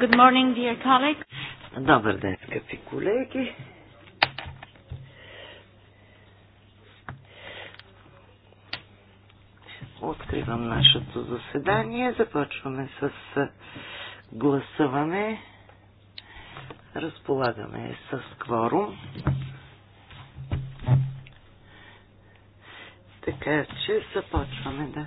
Good morning, dear colleagues. Добър ден, скъпи колеги. Откривам нашето заседание. Започваме с гласуване. Разполагаме с кворум. Така че започваме да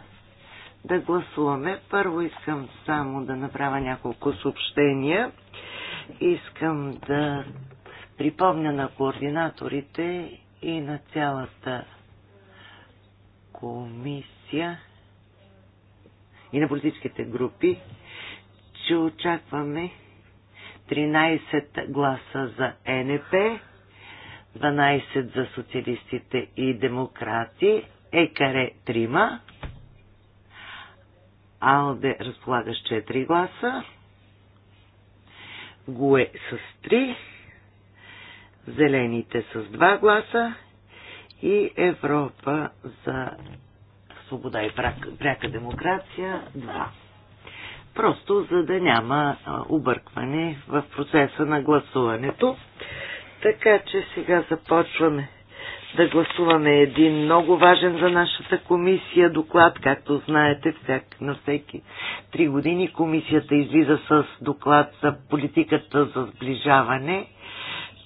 да гласуваме. Първо искам само да направя няколко съобщения. Искам да припомня на координаторите и на цялата комисия и на политическите групи, че очакваме 13 гласа за НП, 12 за социалистите и демократи, ЕКАРЕ 3, Алде разполага с 4 гласа. Гуе с 3. Зелените с 2 гласа. И Европа за свобода и пряка демокрация 2. Просто за да няма объркване в процеса на гласуването. Така че сега започваме да гласуваме един много важен за нашата комисия доклад. Както знаете, всяк, на всеки три години комисията излиза с доклад за политиката за сближаване.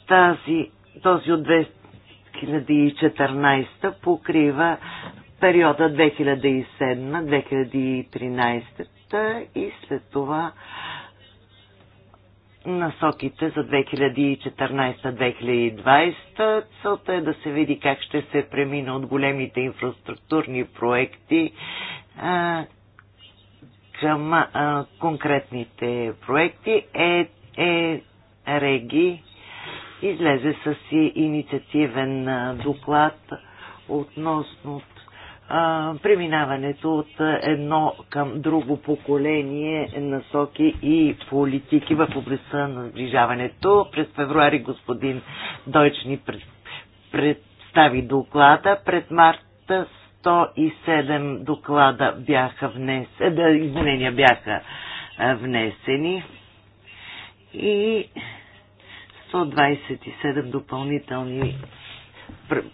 Тази, този от 2014 покрива периода 2007-2013 и след това насоките за 2014-2020. Целта е да се види как ще се премина от големите инфраструктурни проекти а, към а, конкретните проекти. Е, е Реги излезе с инициативен доклад относно а, преминаването от едно към друго поколение насоки и политики в областта на сближаването. През февруари господин Дойч ни представи доклада. Пред марта 107 доклада бяха внесени, да, изменения бяха внесени и 127 допълнителни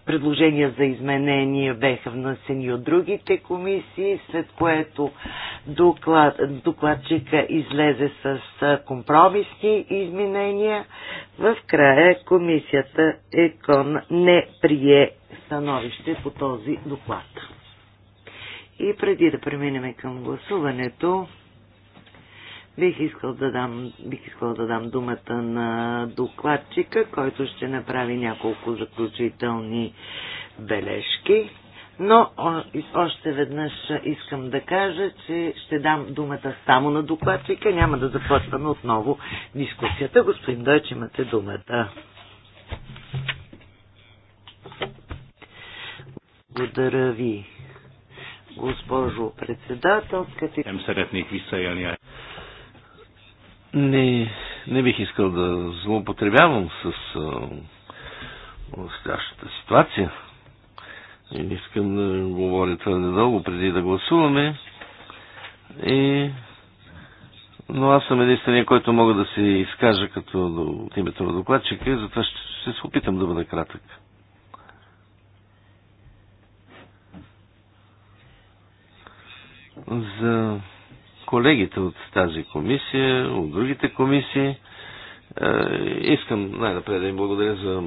предложения за изменения беха внесени от другите комисии, след което доклад, докладчика излезе с компромисни изменения. В края комисията ЕКОН не прие становище по този доклад. И преди да преминем към гласуването, Бих искал да дам, бих искал да дам думата на докладчика, който ще направи няколко заключителни бележки. Но още веднъж искам да кажа, че ще дам думата само на докладчика. Няма да започваме отново дискусията. Господин Дойч, имате думата. Благодаря ви, госпожо председател. Скъпи... Не, не бих искал да злоупотребявам с настоящата ситуация. И не искам да говоря твърде дълго преди да гласуваме. И... Но аз съм единствения, който мога да се изкажа като от името на докладчика, затова ще, ще се опитам да бъда кратък. За колегите от тази комисия, от другите комисии. Е, искам най-напред да им благодаря за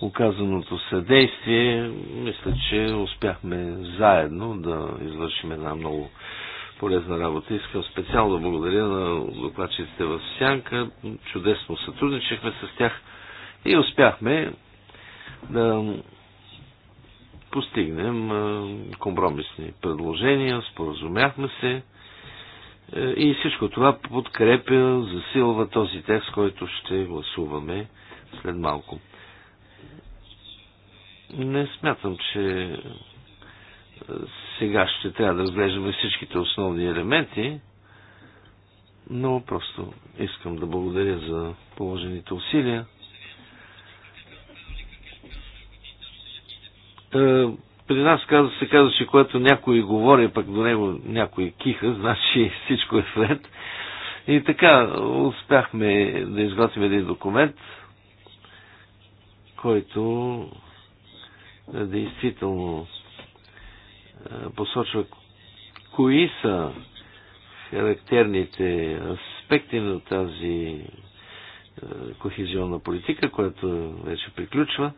оказаното съдействие. Мисля, че успяхме заедно да извършим една много полезна работа. Искам специално да благодаря на докладчиците в Сянка. Чудесно сътрудничахме с тях и успяхме да постигнем е, компромисни предложения, споразумяхме се и всичко това подкрепя, засилва този текст, който ще гласуваме след малко. Не смятам, че е, сега ще трябва да разглеждаме всичките основни елементи, но просто искам да благодаря за положените усилия. Е, при нас казва, се казва, че когато някой говори, пък до него някой киха, значи всичко е вред. И така, успяхме да изготвим един документ, който е, действително е, посочва кои са характерните аспекти на тази е, кохезионна политика, която вече приключва.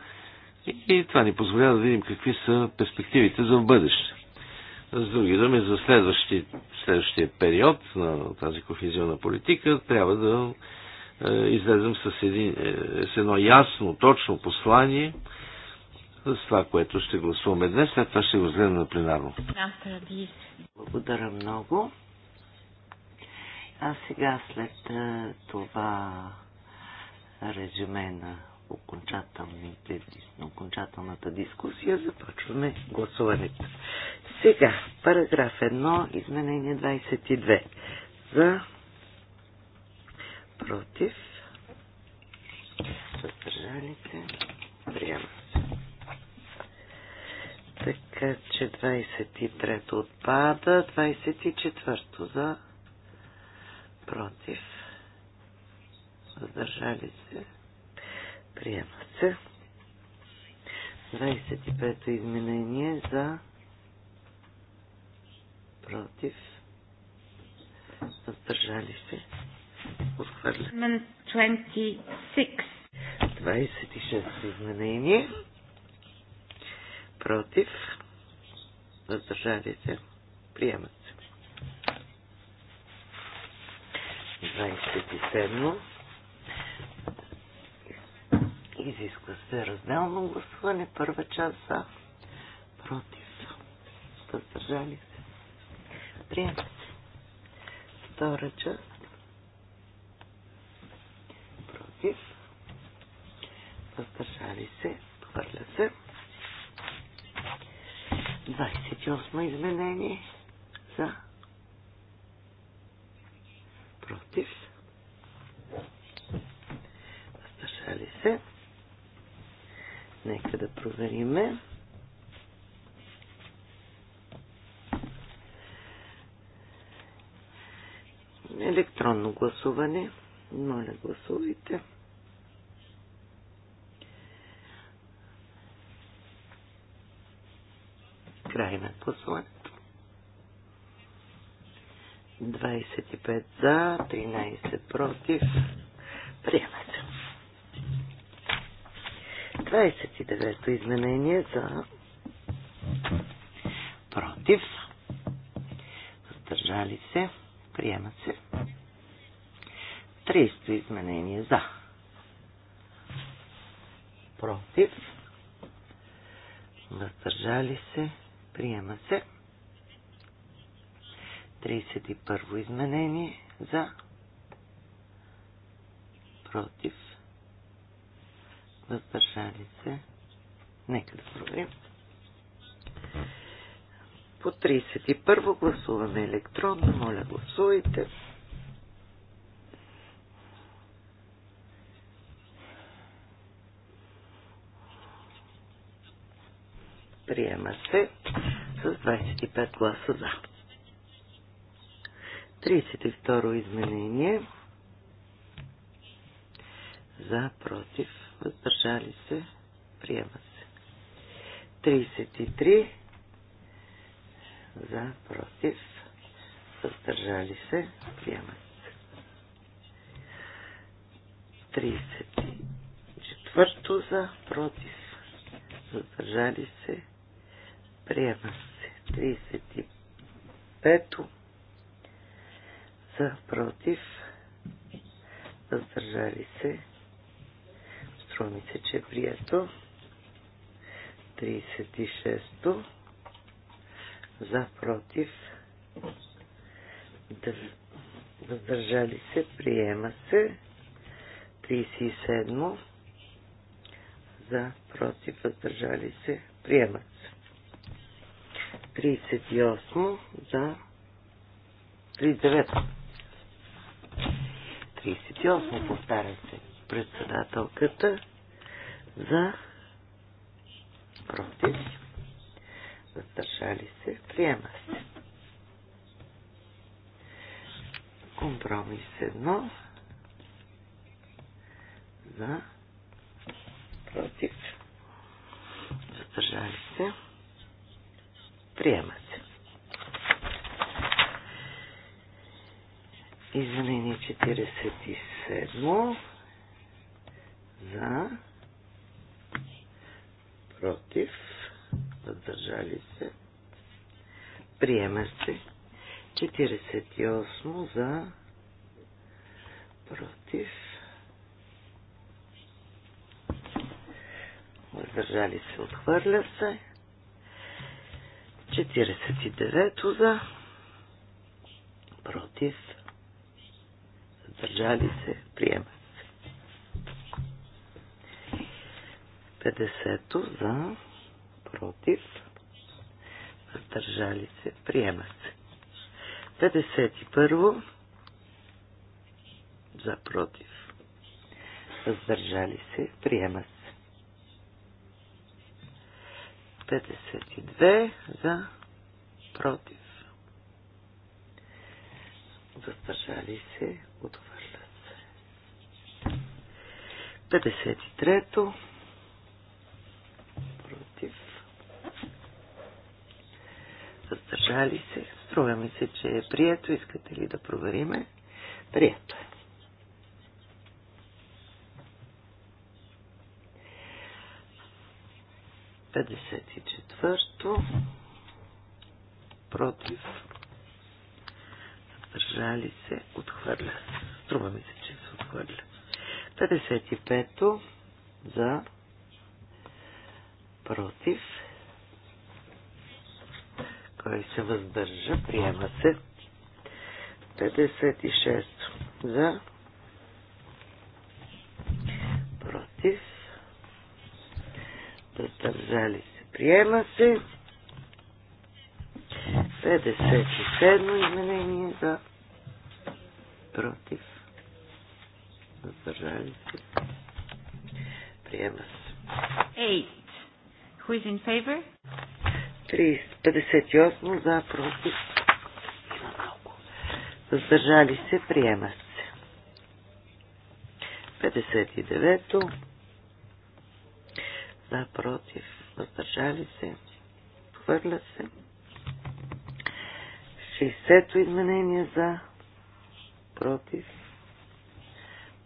И това ни позволява да видим какви са перспективите за в бъдеще. С други думи, за следващи, следващия период на тази кохезионна политика трябва да е, излезем с, един, е, с едно ясно, точно послание с това, което ще гласуваме днес. След това ще го гледам на пленарно. Благодаря много. А сега след е, това резюме на Окончателните окончателната дискусия. Започваме гласуването. Сега, параграф 1, изменение 22. За против въздържали се. Приема се. Така че 23 отпада, 24 за против въздържали се. Приема се. 25-то изменение за против въздържали се. Отхвърля. 26. 26 изменение. Против. Въздържали се. Приемат се. 27. Изисква се разделно гласуване. Първа част за. Против. Създържали се. Приема се. Втора част. Против. Въздържали се. Хвърля се. 28 изменение за против. Въздържали се. Нека да провериме. Електронно гласуване. Моля, гласувайте. Край на гласуването. 25 за, 13 против. Приемете. се. 29-то изменение за против. Въздържали се. Приема се. 30-то изменение за против. Въздържали се. Приема се. 31 изменение за против въздържали се. Нека да проверим. По 31 во гласуваме електронно. Моля, гласувайте. Приема се с 25 гласа за. 32 изменение за против въздържали се, приема се. 33 за, против, въздържали се, приема се. 34 за, против, въздържали се, приема се. 35 за, против, въздържали се, Струва ми се, че е прието. 36-то. За, против. Въздържали се. Приема се. 37-мо. За, против. Въздържали се. Приема се. 38-мо. За. 39-мо. 38-мо. се председателката за против. Въздържали се. Приема се. Компромис едно. За против. Въздържали се. Приема се. Извинение 47. За. Против. Въздържали се. Приема се. 48 за. Против. Въздържали се. Отхвърля се. 49 за. Против. Въздържали се. Приема 50 за, против, въздържали се, приема се. 51 за, против, въздържали се, приема се. 52 за, против, въздържали се, отвърлят се. 53 Съдържали се. Струва ми се, че е прието. Искате ли да провериме? Прието е. Петдесет и четвърто. Против. Съдържали се. Отхвърля. Струва ми се, че се отхвърля. 55-то за против той се въздържа, приема се. 56 за, против, въздържали се, приема се. 57 изменение за, против, въздържали се, приема се. 8. Who is in favor? 358, за против. Има малко. Въздържали се, приема се. 59 то за против. Въздържали се. Хвърля се. 60-то изменение за против.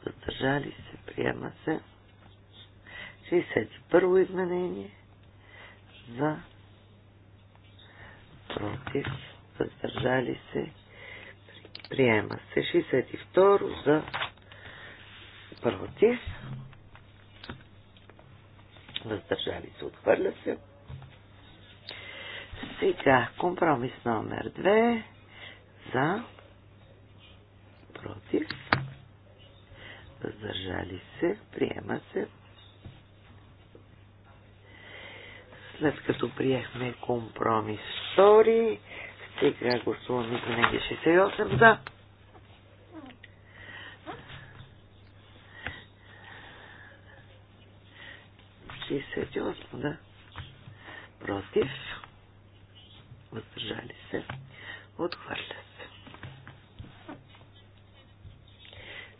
Въздържали се, приема се. 61-во изменение за против, въздържали се, приема се. 62 за против, въздържали се, отхвърля се. Сега, компромис номер 2 за против, въздържали се, приема се. След като приехме компромис втори, сега гласуваме винаги 68 за. Да. да. Против. Въздържали се. Отхвърля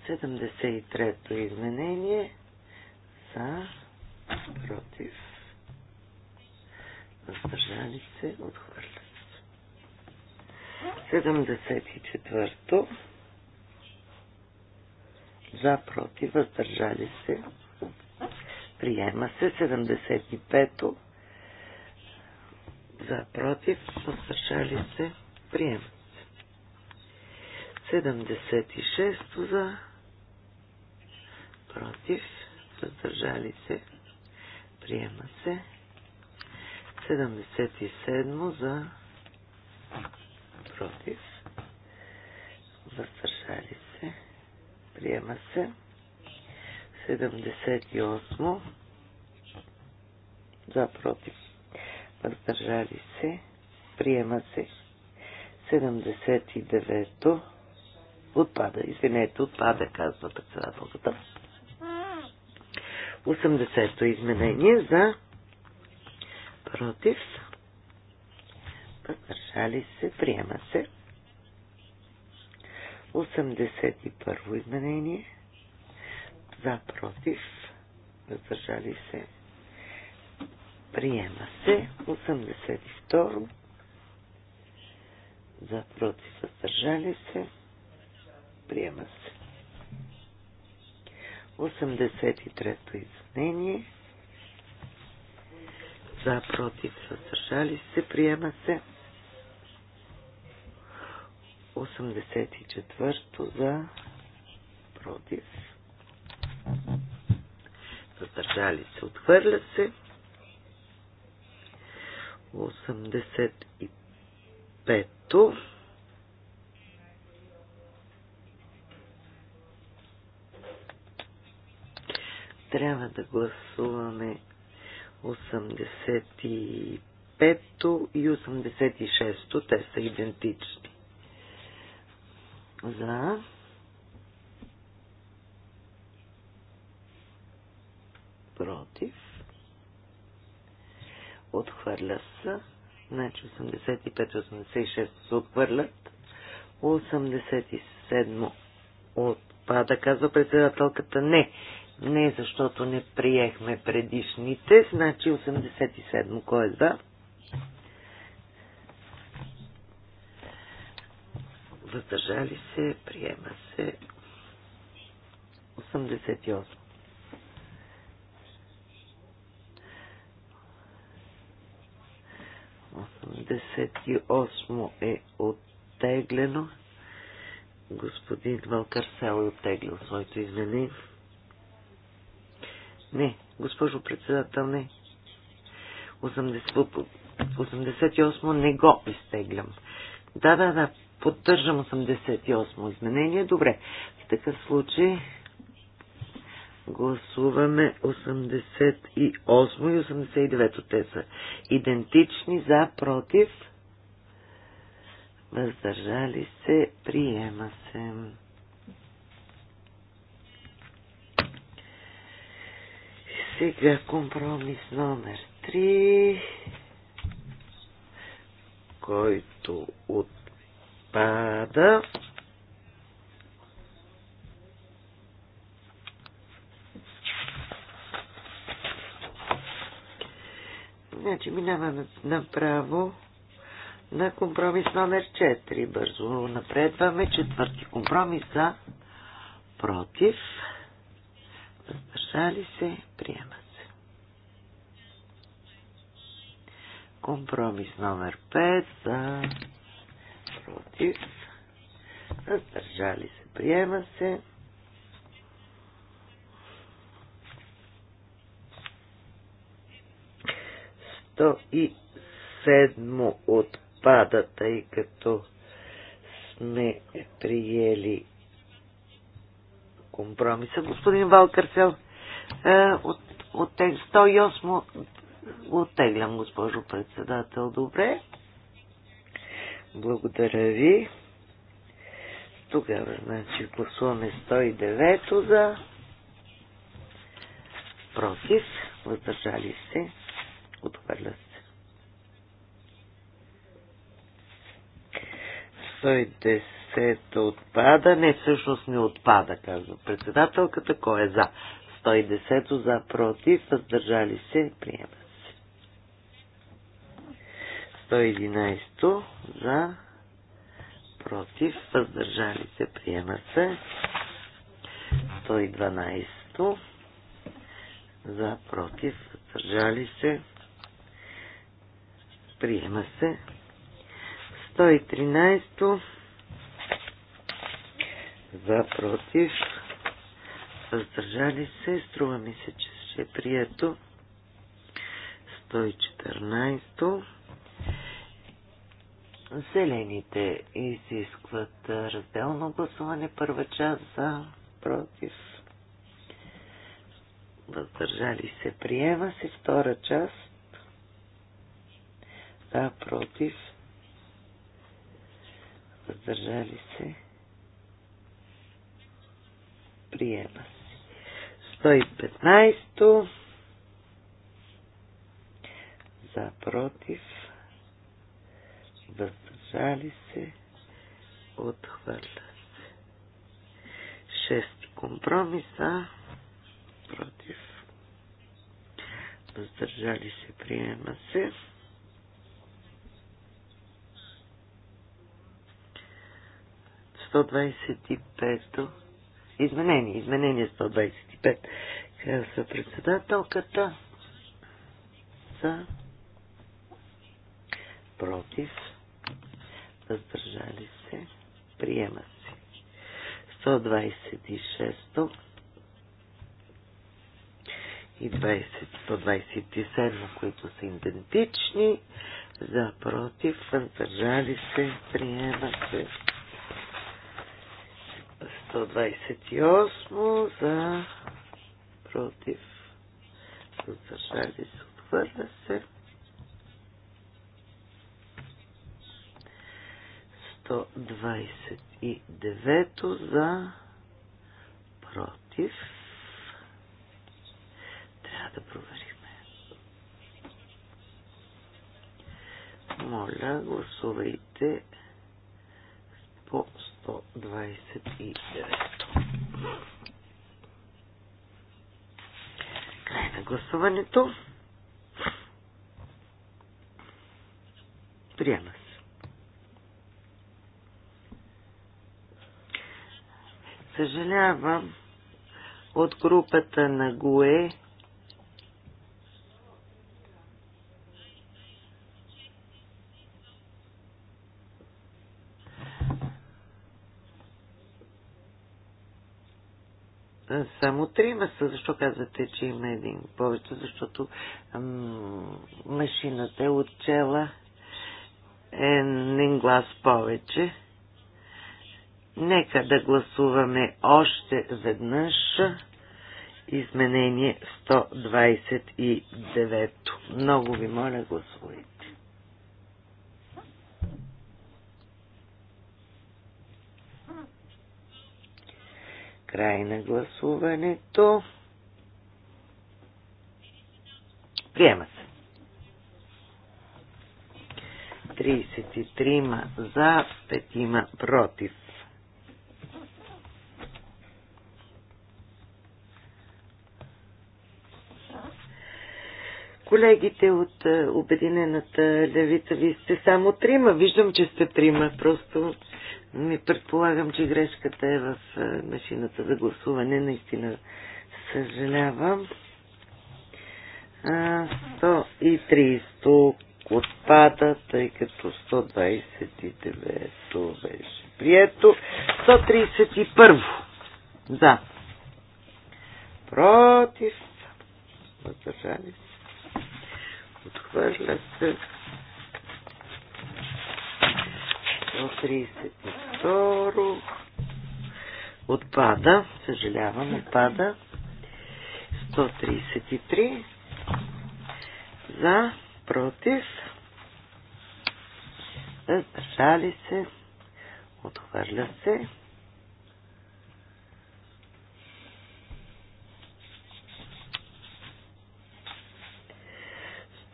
се. 73-то изменение. За. Против се отхвърля. 74-то за, против, въздържали се. Приема се 75-то за, против, въздържали се. Приема се. 76-то за, против, въздържали се. Приема се. 77 за против. Въздържали се. Приема се. 78 за против. Въздържали се. Приема се. 79 то отпада. Извинете, отпада, казва председателката. 80-то изменение за против, въздържали се, приема се. 81 изменение, за, против, въздържали се, приема се. 82 за, против, въздържали се, приема се. 83-то изменение – за, против, Съдържали се, приема се. 84-то за, против, Съдържали се, отхвърля се. 85-то трябва да гласуваме 85-то и 86-то. Те са идентични. За. Против. Отхвърля се. Значи 85-86 се отхвърлят. 87 отпада, казва председателката. Не, не, защото не приехме предишните. Значи 87. Кой е за? Въздържали се, приема се. 88. 88 е оттеглено. Господин Валкарсел е оттеглил своето изменение. Не, госпожо председател, не. 88 не го изтеглям. Да, да, да, поддържам 88 изменение. Добре, в такъв случай гласуваме 88 и 89. Те са идентични за, против, въздържали се, приема се. Сега компромис номер 3, който отпада. Значи минаваме направо на компромис номер 4. Бързо напредваме. Четвърти компромис за против въздържали се, приема се. Компромис номер 5 за против, Съдържали се, приема се. Сто и седмо отпада, тъй като сме приели компромиса. Господин Валкърсел, е, от, от 108 оттеглям, госпожо председател. Добре. Благодаря ви. Тогава, значи, гласуваме 109 за против, въздържали се, отхвърля се. 110 отпада, не всъщност не отпада, казва председателката, кой е за. 110 за против, въздържали се, приема се. 111 за против, въздържали се, приема се. 112 за против, въздържали се, приема се. 113 за против, въздържали се, струва ми се, че ще е прието. 114. Зелените изискват разделно гласуване. Първа част за, против. Въздържали се, приема се. Втора част за, против. Въздържали се. Приема се. 115 за против въздържали се отхвърля се. Шести компромиса против въздържали се приема се Сто двадесет и пето. Изменение, изменение 125. 25. Казва председателката за против въздържали се приема се 126 и 20, 127, които са идентични за против въздържали се приема се 128 за против въздържали се отвърля се 129 за против трябва да проверим моля гласувайте по 129. Край на гласуването. Приема се. Съжалявам от групата на ГУЕ само трима са. Защо казвате, че има един повече? Защото машината е отчела един глас повече. Нека да гласуваме още веднъж изменение 129. Много ви моля, гласувайте. Край на гласуването. Приема се. 33 за, 5 против. колегите от е, Обединената левица, ви сте само трима. Виждам, че сте трима. Просто ми предполагам, че грешката е в е, машината за гласуване. Наистина съжалявам. 130 отпада, тъй като 129 беше прието. 131 за. Против. Въздържали се. Отхвърля се. 132 отпада, съжалявам, отпада. 133 за, против, въздържали се, отхвърля се.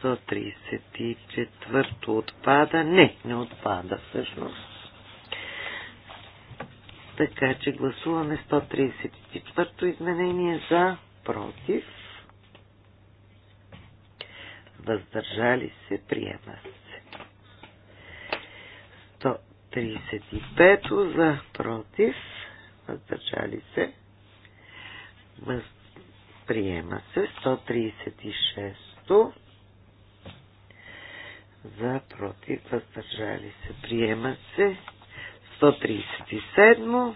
134 отпада. Не, не отпада всъщност. Така че гласуваме 134 изменение за против. Въздържали се, приема се. 135 то за против. Въздържали се. Въз... Приема се. 136 за против, въздържали се, приема се. 137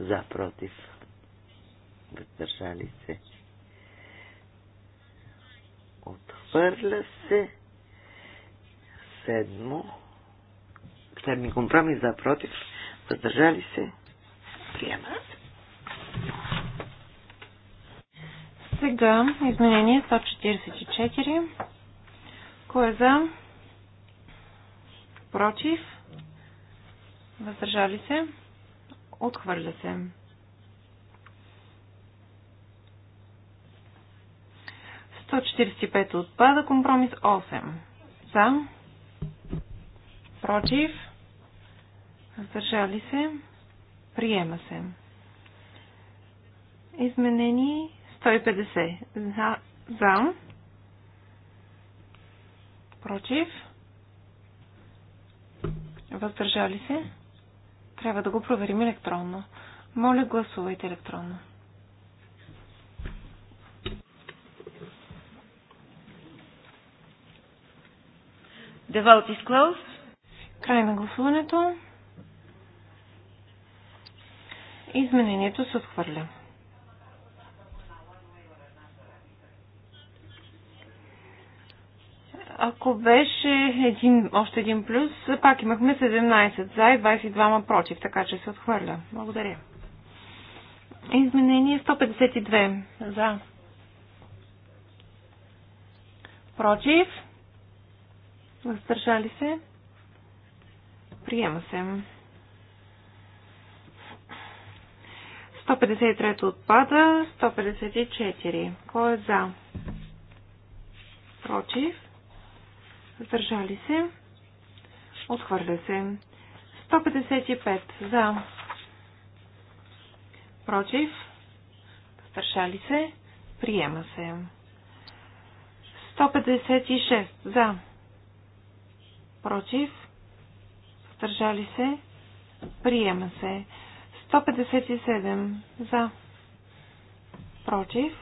за против, въздържали се, отхвърля се. Седмо. Седми компромис за против, въздържали се, приема се. Сега изменение 144 кой е за? Против? Въздържали се? Отхвърля се. Сто отпада. Компромис 8. За? Против? Въздържали се? Приема се. Изменени 150. За? За? Против? Въздържали се? Трябва да го проверим електронно. Моля, гласувайте електронно. The vote is closed. Край на гласуването. Изменението се отхвърля. Ако беше един, още един плюс, пак имахме 17 за и 22 против, така че се отхвърля. Благодаря. Изменение 152 за. Против. Въздържали се. Приема се. 153 отпада. 154. Кой е за? Против. Въздържали се. Отхвърля се. 155 за. Против. Въздържали се. Приема се. 156 за. Против. Въздържали се. Приема се. 157 за. Против.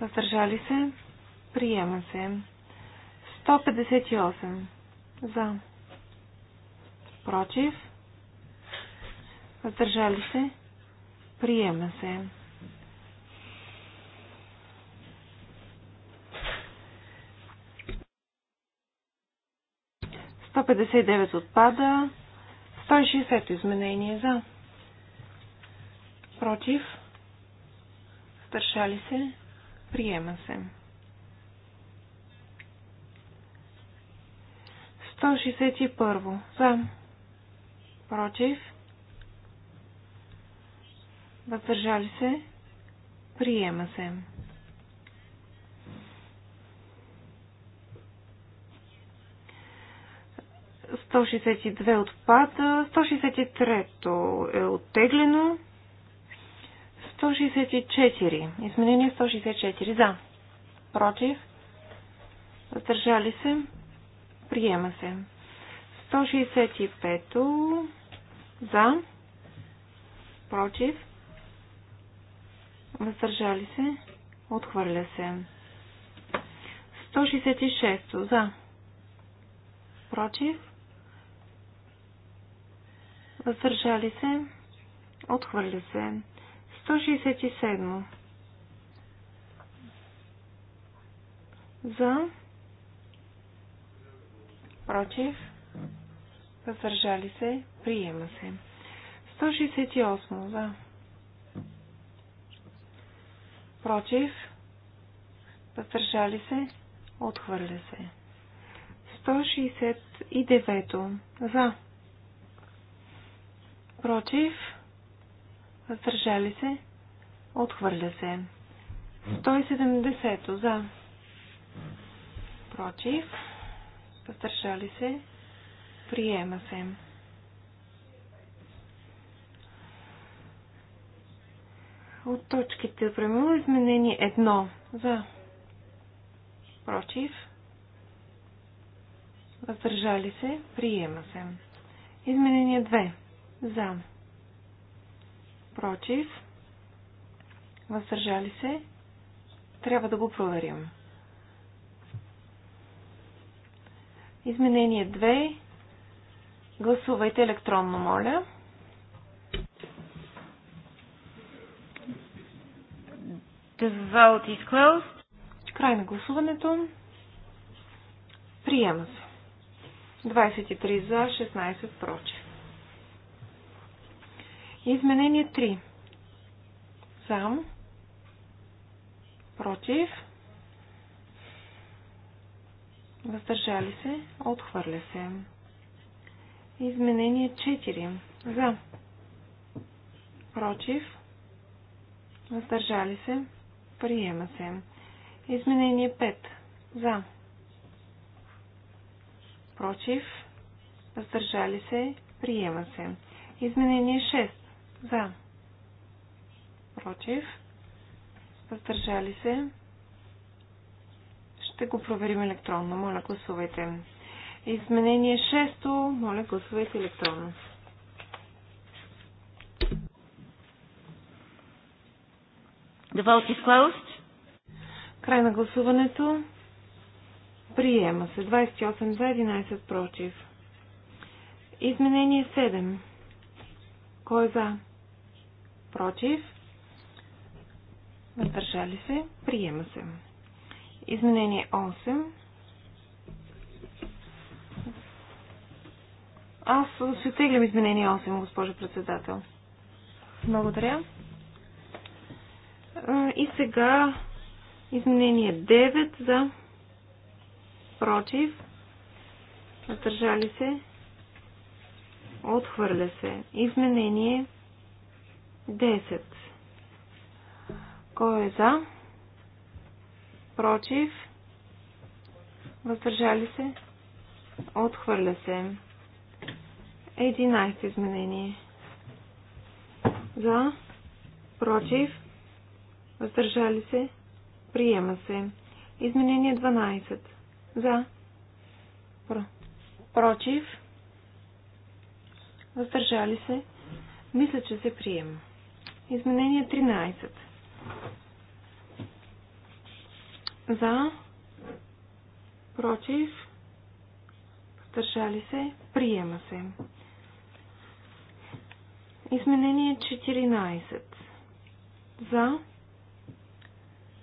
Въздържали се. Приема се. 158 за. Против. Въздържали се. Приема се. Сто отпада. Сто и изменение за. Против. Въздържали се. Приема се. 161. За. Против. Въздържали се. Приема се. две отпада. 163 е оттеглено. 164. Изменение 164. За. Против. Въздържали се. Приема се. 165 за, против, въздържали се, отхвърля се. 166 за, против, въздържали се, отхвърля се. 167 за, против, въздържали се, приема се. 168 за, против, въздържали се, отхвърля се. 169 за, против, въздържали се, отхвърля се. 170 за, против, Въздържали се. Приема се. От точките премило изменение едно за против. Въздържали се. Приема се. Изменение две. За. Против. Въздържали се. Трябва да го проверим. Изменение 2. Гласувайте електронно, моля. The vote is closed. Край на гласуването. Приема се. 23 за, 16 прочи. Изменение 3. Сам. Против. Въздържали се. Отхвърля се. Изменение 4. За. Против. Въздържали се. Приема се. Изменение 5. За. Против. Въздържали се. Приема се. Изменение 6. За. Против. Въздържали се. Ще го проверим електронно. Моля, гласувайте. Изменение 6. Моля, гласувайте електронно. The vote is closed. Край на гласуването. Приема се 28 за 11 против. Изменение 7. Кой е за? Против. Въздържали се. Приема се. Изменение 8. Аз се теглям изменение 8, госпожо председател. Благодаря. И сега изменение 9 за против. Въздържали се. Отхвърля се. Изменение 10. Кой е за? против, въздържали се, отхвърля се. 11 изменение. За, против, въздържали се, приема се. Изменение 12. За, про, против, въздържали се, мисля, че се приема. Изменение 13. За. Против. Въздържали се. Приема се. Изменение 14. За.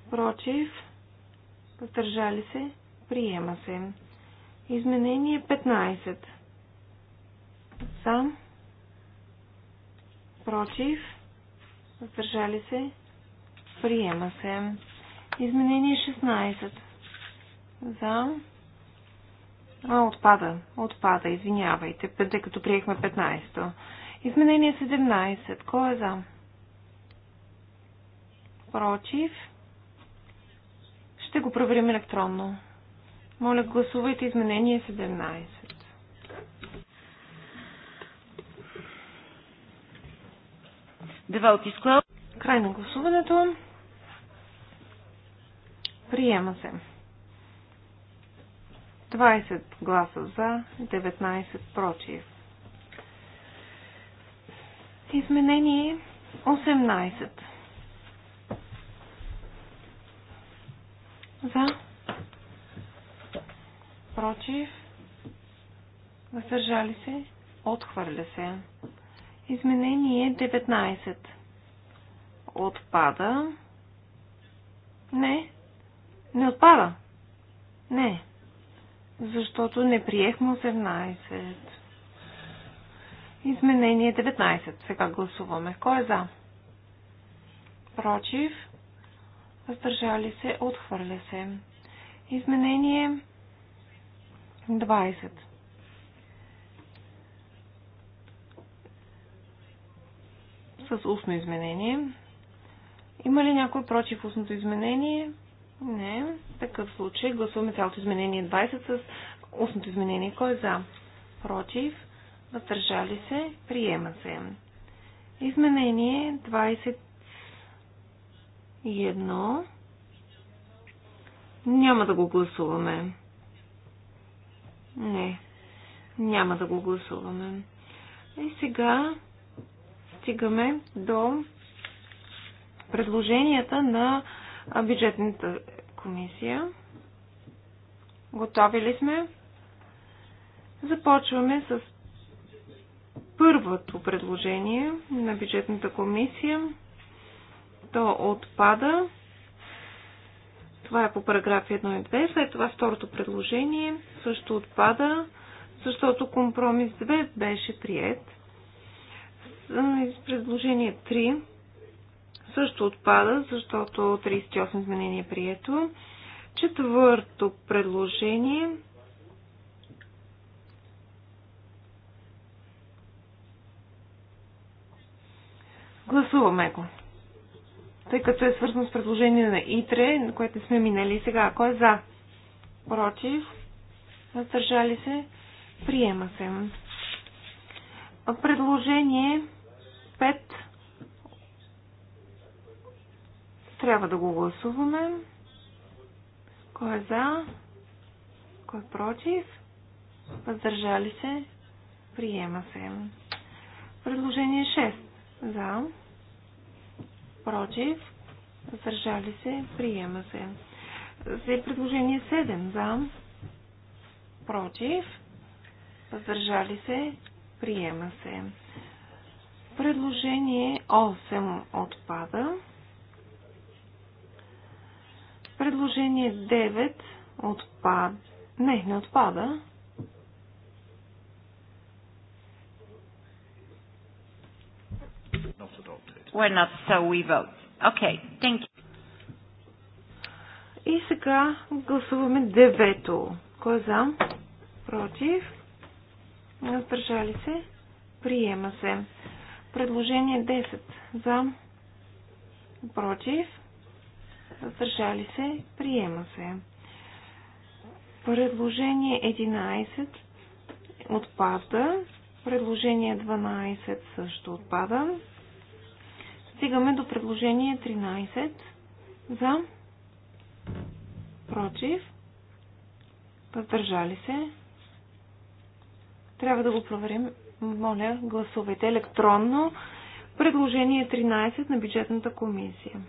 Против. Въздържали се. Приема се. Изменение 15. За. Против. Въздържали се. Приема се. Изменение 16. За. А, отпада. Отпада, извинявайте, тъй като приехме 15-то. Изменение 17. Кой е за? Против. Ще го проверим електронно. Моля, гласувайте изменение 17. Девалки Край на гласуването. Приема се. 20 гласа за, 19 против. Изменение 18. За. Против. Въздържали се. Отхвърля се. Изменение 19. Отпада. Не. Не отпада. Не. Защото не приехме 18. Изменение 19. Сега гласуваме. Кой е за? Против. Въздържали се. Отхвърля се. Изменение 20. С устно изменение. Има ли някой против устното изменение? Не. В такъв случай гласуваме цялото изменение 20 с устното изменение. Кой е за? Против? Въздържали се? Приема се. Изменение 21. Няма да го гласуваме. Не. Няма да го гласуваме. И сега стигаме до предложенията на бюджетната комисия. Готови ли сме? Започваме с първото предложение на бюджетната комисия. То отпада. Това е по параграфи 1 и 2. След това второто предложение също отпада, защото компромис 2 беше прият. Предложение 3 също отпада, защото 38 изменение е прието. Четвърто предложение Гласуваме го. Тъй като е свързано с предложение на ИТРЕ, на което сме минали сега. Кой е за? Против? Въздържали се? Приема се. Предложение 5 Трябва да го гласуваме. Кой е за? Кой е против? Въздържали се? Приема се. Предложение 6. За. Против. Въздържали се? Приема се. За предложение 7. За. Против. Въздържали се? Приема се. Предложение 8 отпада. Предложение 9 отпада. Не, не отпада. We're not so we vote. Okay, thank you. И сега гласуваме девето. Кой е за? Против? Въздържали се? Приема се. Предложение 10. За? Против? въздържали се, приема се. Предложение 11 отпада. Предложение 12 също отпада. Стигаме до предложение 13 за против въздържали се. Трябва да го проверим. Моля, гласувайте електронно. Предложение 13 на бюджетната комисия.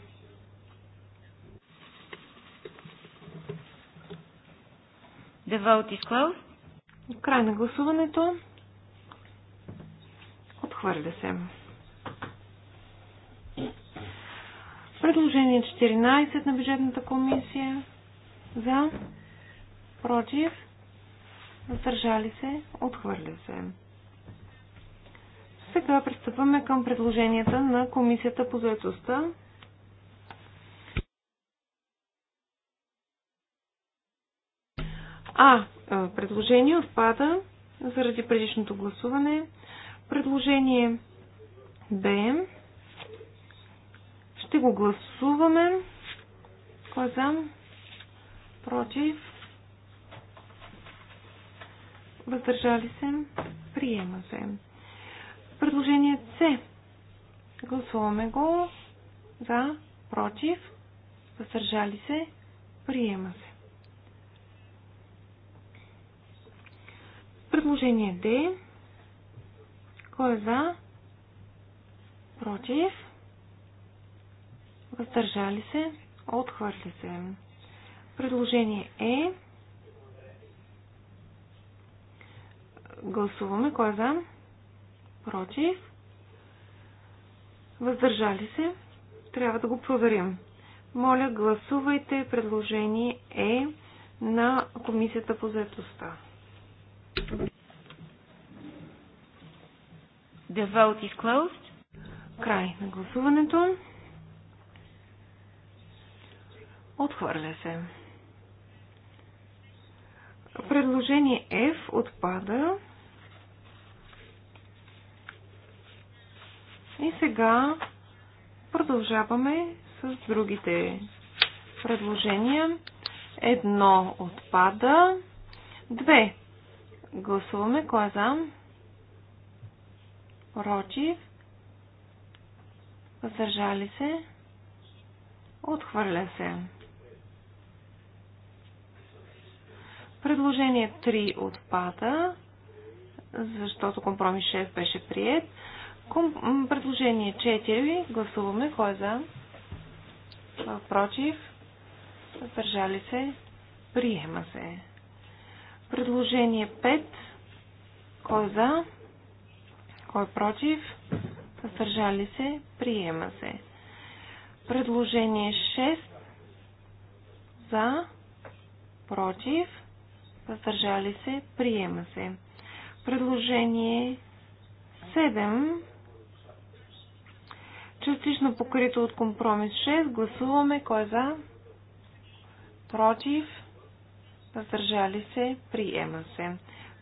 The vote is closed. Край на гласуването. Отхвърля се. Предложение 14 на бюджетната комисия. За. Против. Въздържали се. Отхвърля се. Сега пристъпваме към предложенията на Комисията по заедостта. А, предложение отпада заради предишното гласуване. Предложение Б. Ще го гласуваме. Кой е за? Против? Въздържали се? Приема се. Предложение С. Гласуваме го. За? Против? Въздържали се? Приема се. Предложение Д. Кой е за? Против? Въздържали се? Отхвърля се. Предложение Е. Гласуваме. Кой е за? Против? Въздържали се? Трябва да го проверим. Моля, гласувайте предложение Е на Комисията по заедостта. The vote is closed. Край на гласуването. Отхвърля се. Предложение F отпада. И сега продължаваме с другите предложения. Едно отпада. Две Гласуваме. Кой е за? Против. Въздържали се. Отхвърля се. Предложение 3 отпада, защото компромис 6 беше прият. Предложение 4 гласуваме. Кой е за? Против. Въздържали се. Приема се. Предложение 5. Кой е за? Кой е против? Съдържали се? Приема се. Предложение 6. За? Против? Съдържали се? Приема се. Предложение 7. Частично покрито от компромис 6. Гласуваме. Кой е за? Против? въздържали се, приема се.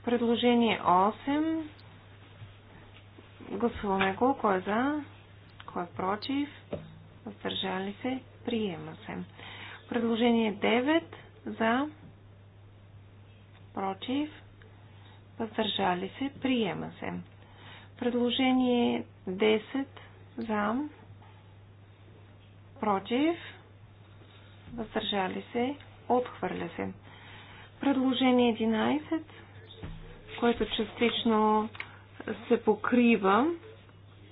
Предложение 8. Гласуваме го. Кой е за? Кой е против? Въздържали се, приема се. Предложение 9. За? Против? Въздържали се, приема се. Предложение 10. За? Против? Въздържали се, отхвърля се. Предложение 11, което частично се покрива.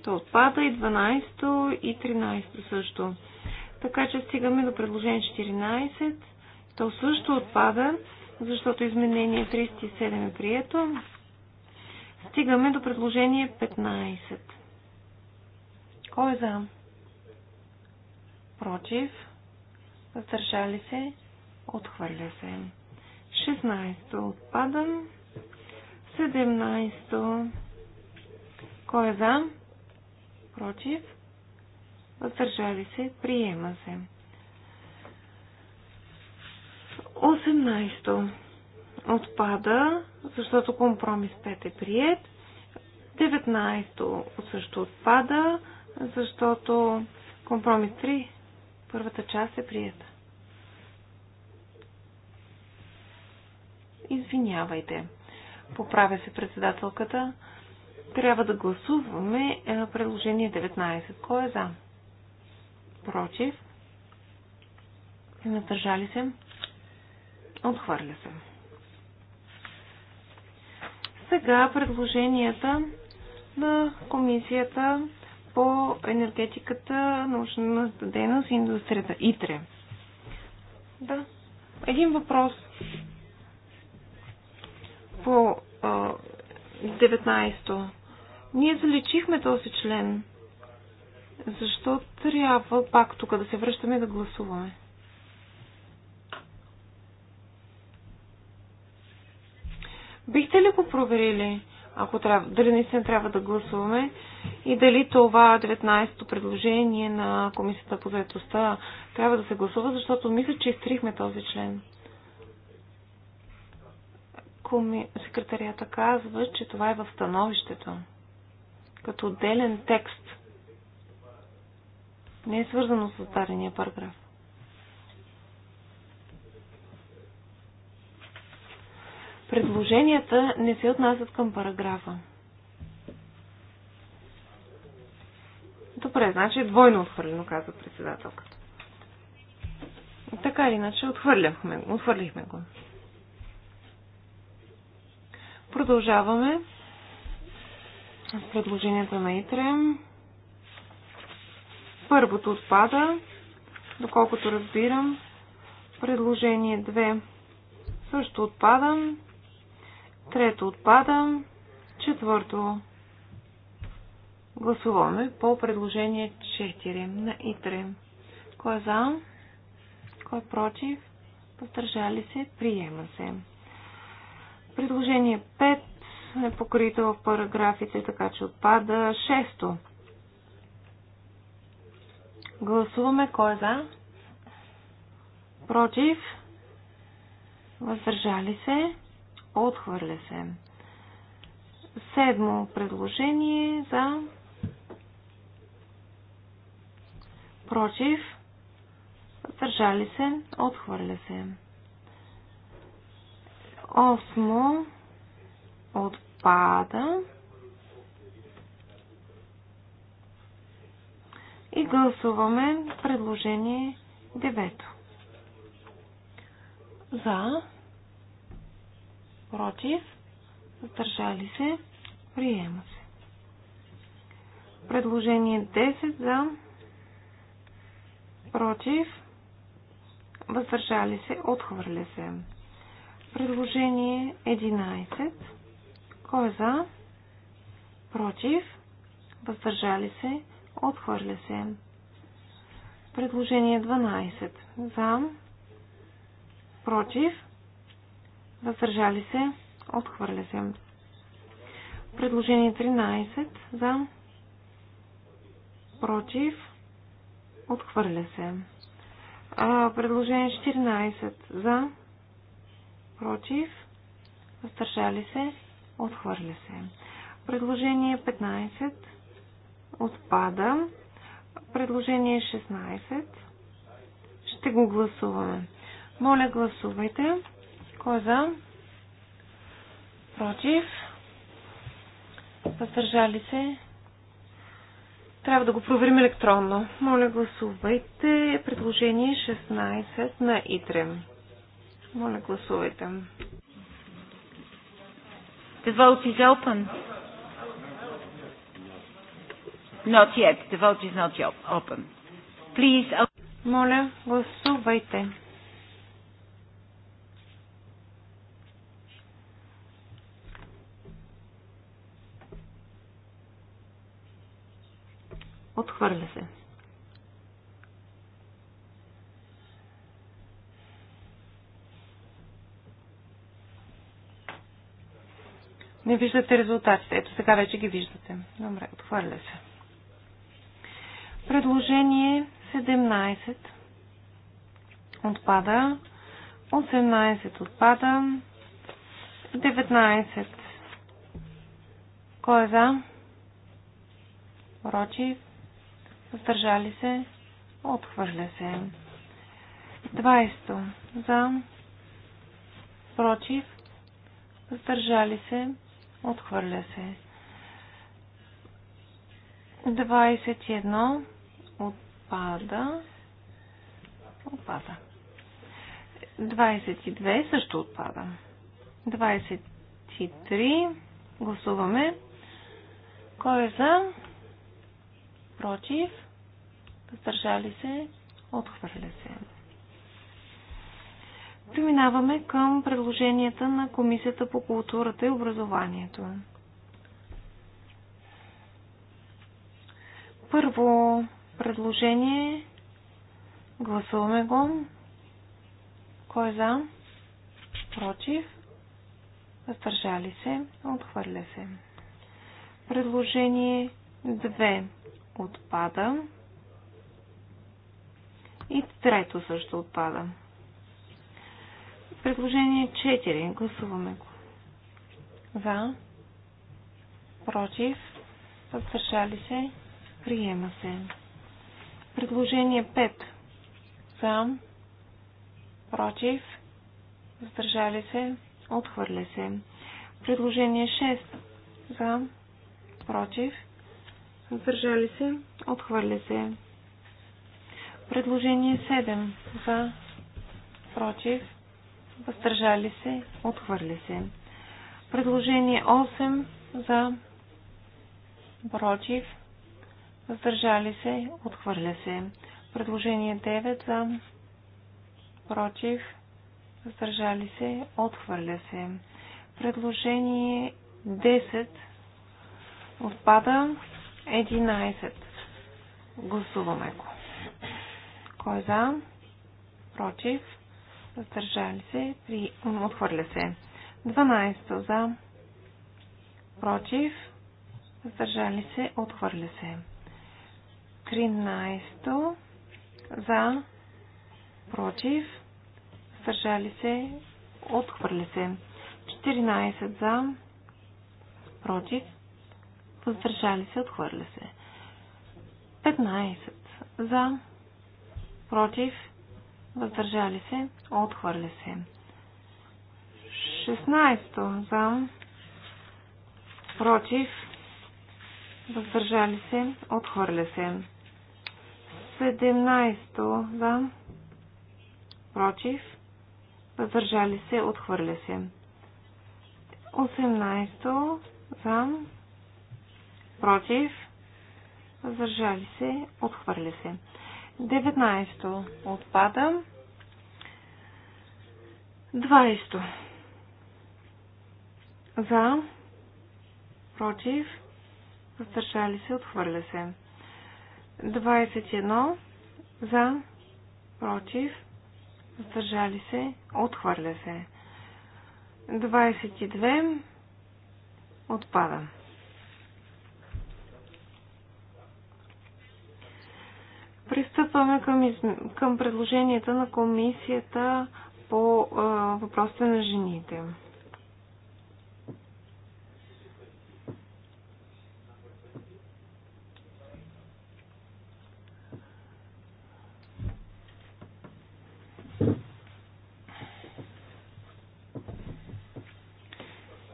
То отпада и 12 и 13 също. Така че стигаме до предложение 14. То също отпада, защото изменение 37 е прието. Стигаме до предложение 15. Кой е за? Против? Въздържали се? Отхвърля се. 16 то отпадам. 17 то кой е за? Против? Въздържали се? Приема се. 18 то отпада, защото компромис 5 е прият. 19 то също отпада, защото компромис 3, първата част е прията. извинявайте. Поправя се председателката. Трябва да гласуваме е, предложение 19. Кой е за? Против? Надържали се? Отхвърля се. Сега предложенията на комисията по енергетиката, научната дейност и индустрията. ИТРЕ. Да. Един въпрос по 19. то Ние заличихме този член. Защо трябва пак тук да се връщаме да гласуваме? Бихте ли го проверили, ако трябва, дали наистина трябва да гласуваме и дали това 19-то предложение на Комисията по заедостта трябва да се гласува, защото мисля, че изтрихме този член коми... секретарията казва, че това е в становището. Като отделен текст. Не е свързано с дадения параграф. Предложенията не се отнасят към параграфа. Добре, значи е двойно отхвърлено, каза председателката. Така или иначе, отхвърляхме, отхвърлихме го. Продължаваме с предложенията на ИТРЕМ. Първото отпада, доколкото разбирам. Предложение 2 също отпада. Трето отпада. Четвърто гласуваме по предложение 4 на ИТРЕ. Кой е за? Кой е против? Поддържали се? Приема се. Предложение 5 е покрито в параграфите, така че отпада 6. Гласуваме кой е за? Против? Въздържали се? Отхвърля се. Седмо предложение за против, въздържали се, отхвърля се. 8 отпада. И гласуваме предложение 9. За, против, въздържали се, приема се. Предложение 10 за, против, въздържали се, отхвърля се. Предложение 11. Кой е за? Против? Въздържали се? Отхвърля се. Предложение 12. За? Против? Въздържали се? Отхвърля се. Предложение 13. За? Против? Отхвърля се. А, предложение 14. За? против, въздържали се, отхвърля се. Предложение 15 отпада. Предложение 16 ще го гласуваме. Моля, гласувайте. Кой е за? Против? Въздържали се? Трябва да го проверим електронно. Моля, гласувайте. Предложение 16 на ИТРЕМ. Моля, гласувайте. The vote is open. Not yet. The vote is not yet open. Please. open. Моля, гласувайте. Отхвърля се. Не виждате резултатите. Ето сега вече ги виждате. Добре, отхвърля се. Предложение 17 отпада. 18 отпада. 19. Кой е за? Рочи. Въздържали се. Отхвърля се. 20. За. Против. Въздържали се. Отхвърля се. 21 отпада. Отпада. 22 също отпада. 23 гласуваме. Кой е за? Против? Въздържали се? Отхвърля се. Преминаваме към предложенията на Комисията по културата и образованието. Първо предложение. Гласуваме го. Кой е за? Против? Въздържали се? Отхвърля се. Предложение 2 отпада. И трето също отпада. Предложение 4. Гласуваме го. За. Против. Въздържали се. Приема се. Предложение 5. За. Против. Въздържали се. Отхвърля се. Предложение 6. За. Против. Въздържали се. Отхвърля се. Предложение 7. За. Против въздържали се, отхвърля се. Предложение 8 за против, въздържали се, отхвърля се. Предложение 9 за против, въздържали се, отхвърля се. Предложение 10 отпада 11. Гласуваме го. Кой е за? Против? въздържали се, при... отхвърля се. 12 за, против, въздържали се, отхвърля се. 13 за, против, въздържали се, отхвърля се. 14 за, против, въздържали се, отхвърля се. 15 за, против, въздържали се, отхвърля се. 16 за, против, въздържали се, отхвърля се. 17 за, против, въздържали се, отхвърля се. 18 за, против, въздържали се, отхвърля се. 19 то отпада. 20 то за, против, въздържали се, отхвърля се. 21 за, против, въздържали се, отхвърля се. 22 отпада. Пристъпваме към, из... към предложенията на комисията по а, въпросите на жените.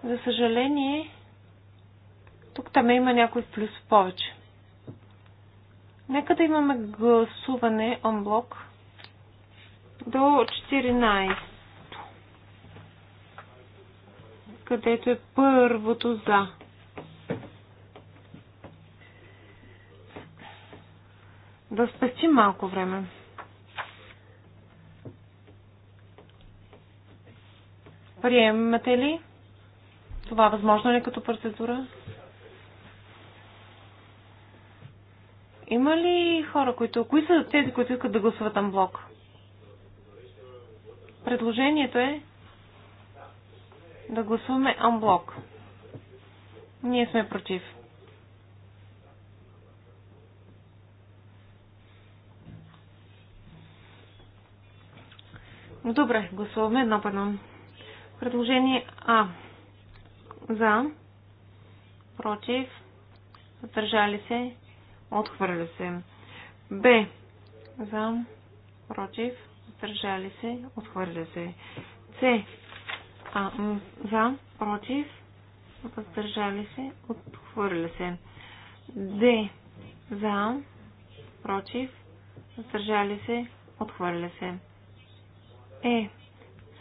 За съжаление, тук там има някой плюс повече. Нека да имаме гласуване онблок до 14, където е първото за. Да спестим малко време. Приемате ли? Това възможно ли като процедура? Има ли хора, които... Кои са тези, които искат да гласуват Анблок? Предложението е да гласуваме Анблок. Ние сме против. Добре, гласуваме едно по едно. Предложение А. За. Против. Задържали се. Отхвърля се. Б. За. Против. Въздържали се. Отхвърля се. С. А, за. Против. Въздържали се. Отхвърля се. Д. За. Против. Въздържали се. Отхвърля се. Е.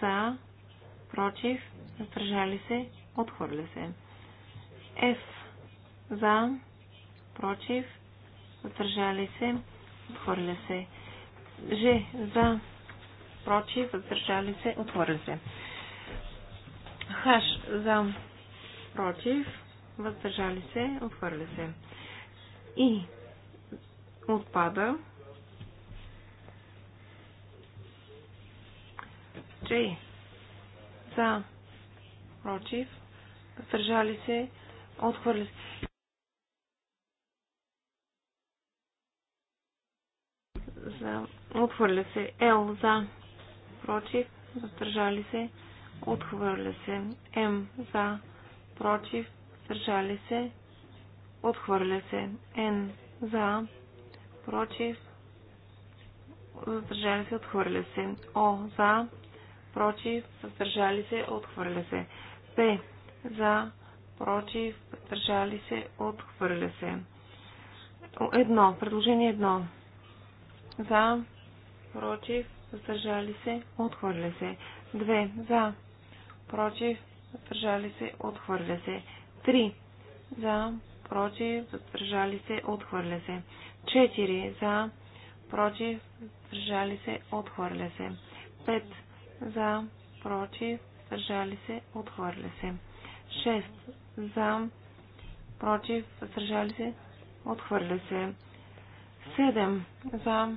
За. Против. Въздържали се. Отхвърля се. Ф. За. Против въздържали се, отхвърля се. Ж за, прочи, въздържали се, отхвърля се. Хаш за, против, въздържали се, отхвърля се. И отпада. J за, против, въздържали се, отхвърля се. за, отхвърля се. Л за, против, въздържали се, отхвърля се. М за, против, въздържали се, отхвърля се. Н за, против, въздържали се, отхвърля се. О за, против, въздържали се, отхвърля се. П за, против, въздържали се, отхвърля се. Едно. Предложение едно. За. Против. Въздържали се. Отхвърля се. 2. За. Против. Въздържали се. Отхвърля се. 3. За. Против. Въздържали се. Отхвърля се. 4. За. Против. Въздържали се. Отхвърля се. 5. За. Против. Въздържали се. Отхвърля се. 6. За. Против. Въздържали се. Отхвърля се. 7. За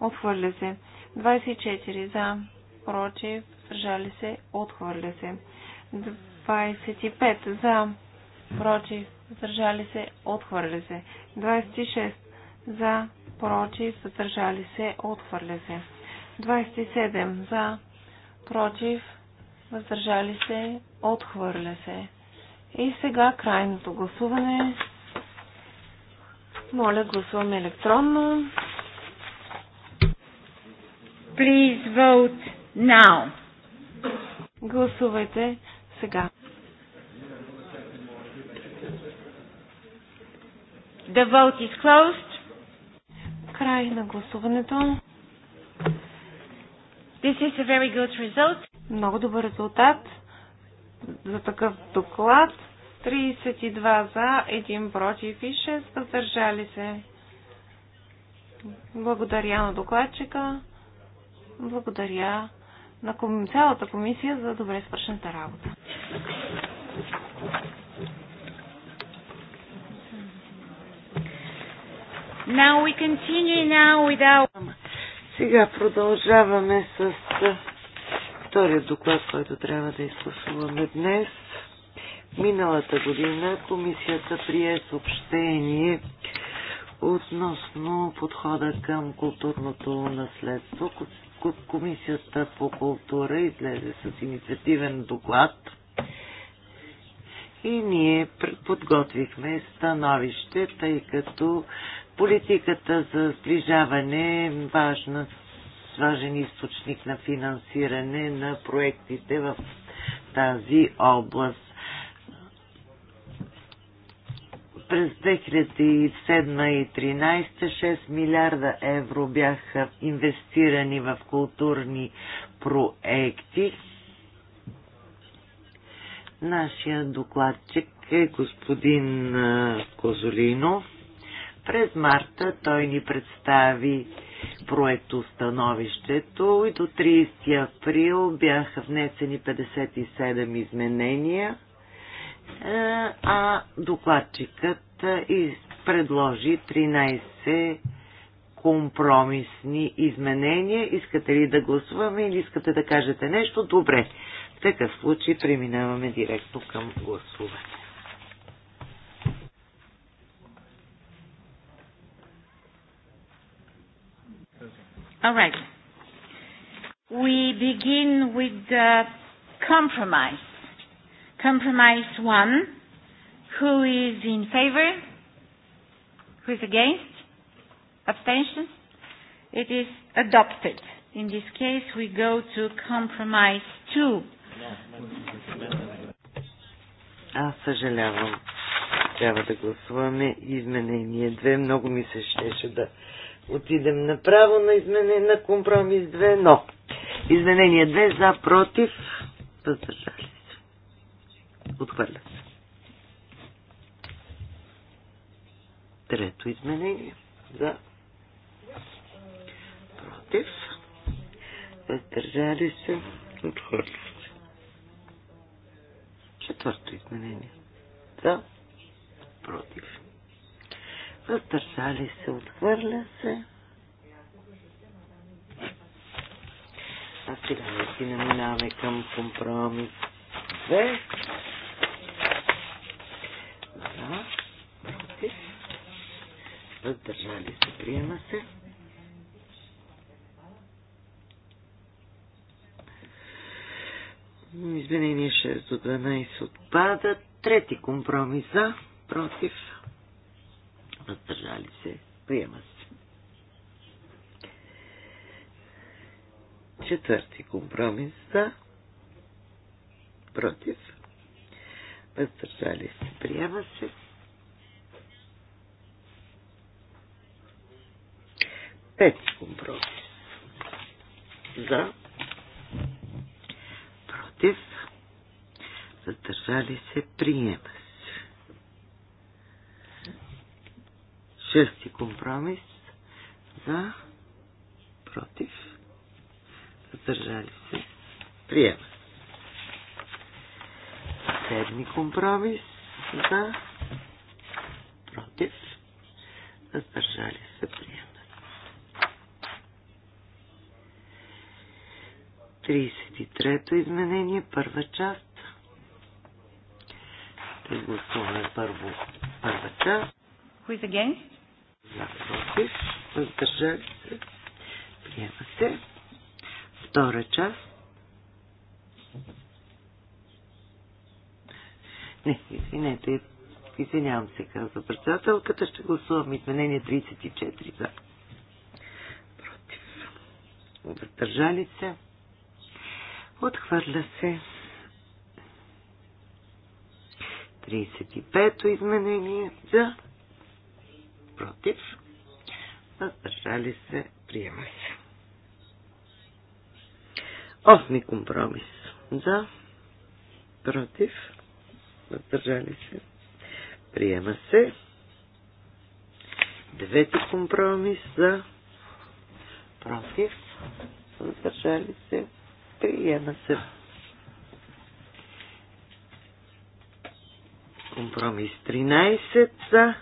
Отхвърля се. 24 за. Против. Въздържали се. Отхвърля се. 25 за. Против. Въздържали се. Отхвърля се. 26 за. Против. Въздържали се. Отхвърля се. 27 за. Против. Въздържали се. Отхвърля се. И сега крайното гласуване. Моля, гласуваме електронно. Please vote now. Гласувайте сега. The vote is closed. Край на гласуването. This is a very good result. Много добър резултат за такъв доклад. 32 за, 1 против и 6 въздържали се. Благодаря на докладчика. Благодаря на цялата комисия за добре свършената работа. Now we continue now without... Сега продължаваме с втория доклад, който трябва да изслушваме днес. Миналата година комисията прие съобщение относно подхода към културното наследство, Комисията по култура излезе с инициативен доклад и ние подготвихме становище, тъй като политиката за сближаване е важна, важен източник на финансиране на проектите в тази област. През 2007 и 2013 6 милиарда евро бяха инвестирани в културни проекти. Нашия докладчик е господин Козолинов. През марта той ни представи проектостановището и до 30 април бяха внесени 57 изменения а докладчикът предложи 13 компромисни изменения. Искате ли да гласуваме или искате да кажете нещо? Добре. В такъв случай преминаваме директно към гласуване. All right. We begin with the compromise. Compromise 1. Who is in favor? Who is against? Abstentions? It is adopted. In this case, we go to compromise 2. Аз съжалявам. Трябва да гласуваме изменение 2. Много ми се щеше да отидем направо на изменение на компромис 2, но изменение 2 за против въздържали. Отхвърля Трето изменение. За. Против. Въздържали се. Отхвърля се. Четвърто изменение. За. Против. Въздържали се. Отхвърля се. А сега да си наминаваме към компромис 2. За. Против. Въздържали се. Приема се. Извинение, 6 до 12 отпада. Трети компромис за. Против. Въздържали се. Приема се. Четвърти компромис за. Против въздържали се, приема се. Пет компромис. За, против, въздържали се, приема се. Шести компромис. За, против, въздържали се, приема се. Седми компромис за против. Въздържали се приема. 33-то изменение, първа част. Ще гласуваме първо първа част. Кои за ген? За против. Въздържали се. Приема се. Втора част. Не, извинете, извинявам се, каза председателката. Ще гласувам изменение 34 за. Против. Въздържали се. Отхвърля се. 35-то изменение за. Против. Въздържали се. Приема се. Осми компромис. За. Против въздържали се, приема се. Девети компромис за против, въздържали се, приема се. Компромис 13 за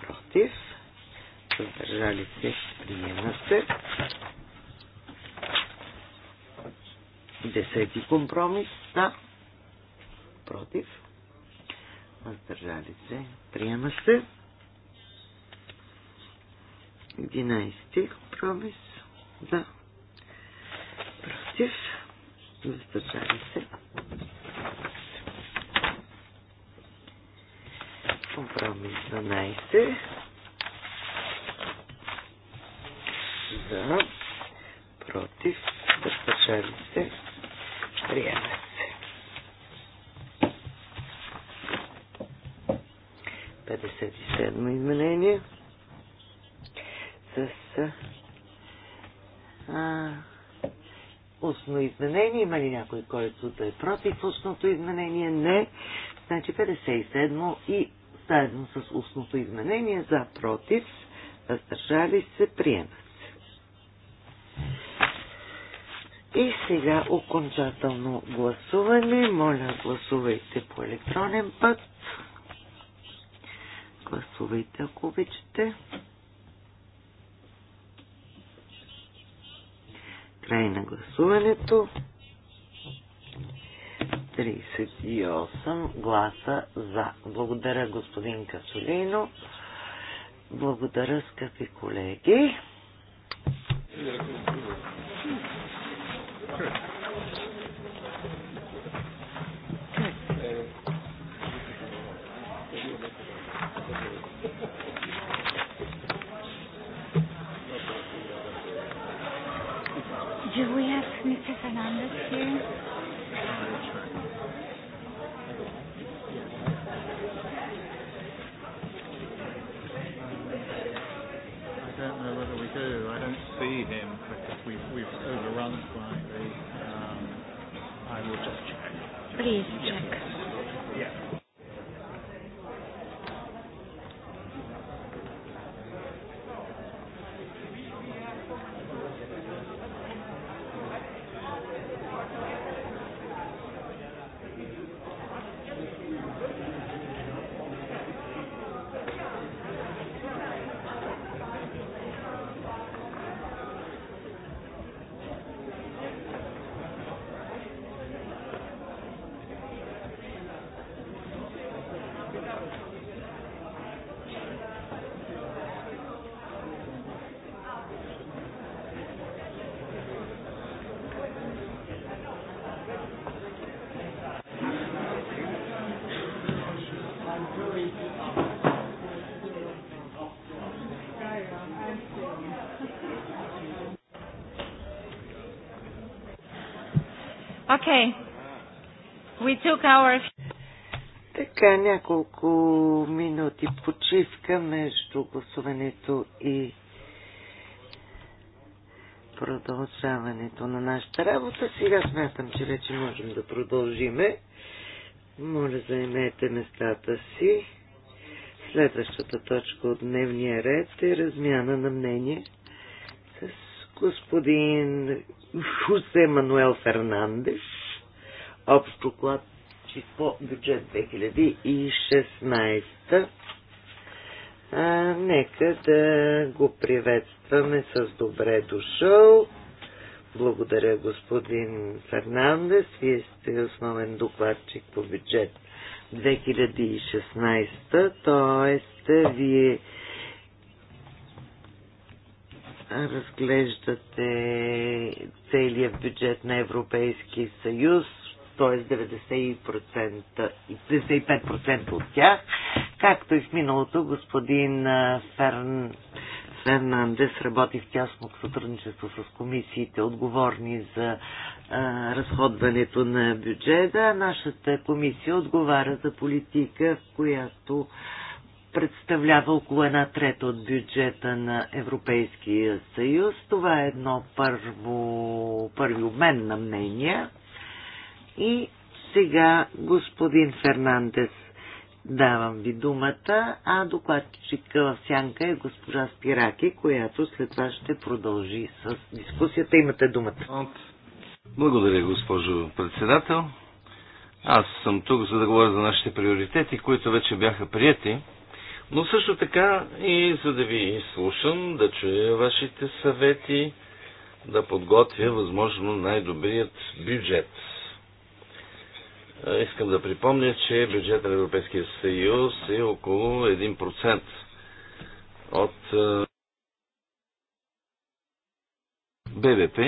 против, въздържали се, приема се. Десети компромис за против, въздържали се, приема се. 11 компромис за против, въздържали се. Компромис 12 за против, въздържали се, приема се. 57 изменение с а, устно изменение. Има ли някой, който да е против устното изменение? Не. Значи 57 и заедно с устното изменение за против, въздържали се, приемат. И сега окончателно гласуване. Моля, гласувайте по електронен път. Гласувайте, ако обичате. Край на гласуването. 38 гласа за. Благодаря, господин Касолино. Благодаря, скъпи колеги. Thank you. Do we have Mr. Fernandez here? I don't know whether we do. I don't see him because we've, we've overrun slightly. Um, I will just check. Please check. Okay. We took our... Така, няколко минути почивка между гласуването и продължаването на нашата работа. Сега смятам, че вече можем да продължиме. Моля, заемете местата си. Следващата точка от дневния ред е размяна на мнение господин Хусе Мануел Фернандеш, общо клад число бюджет 2016. А, нека да го приветстваме с добре дошъл. Благодаря, господин Фернандес. Вие сте основен докладчик по бюджет 2016, т.е. вие разглеждате целия бюджет на Европейски съюз, т.е. 95% от тях, както и в миналото господин Ферн, Фернандес работи в тясно сътрудничество с комисиите, отговорни за а, разходването на бюджета. Нашата комисия отговаря за политика, в която а, представлява около една трета от бюджета на Европейския съюз. Това е едно първо, първи обмен на мнения. И сега, господин Фернандес, давам ви думата, а докладчика в сянка е госпожа Спираки, която след това ще продължи с дискусията. Имате думата. Благодаря, госпожо председател. Аз съм тук, за да говоря за нашите приоритети, които вече бяха прияти но също така и за да ви слушам, да чуя вашите съвети, да подготвя възможно най-добрият бюджет. Искам да припомня, че бюджет на Европейския съюз е около 1% от е, БВП.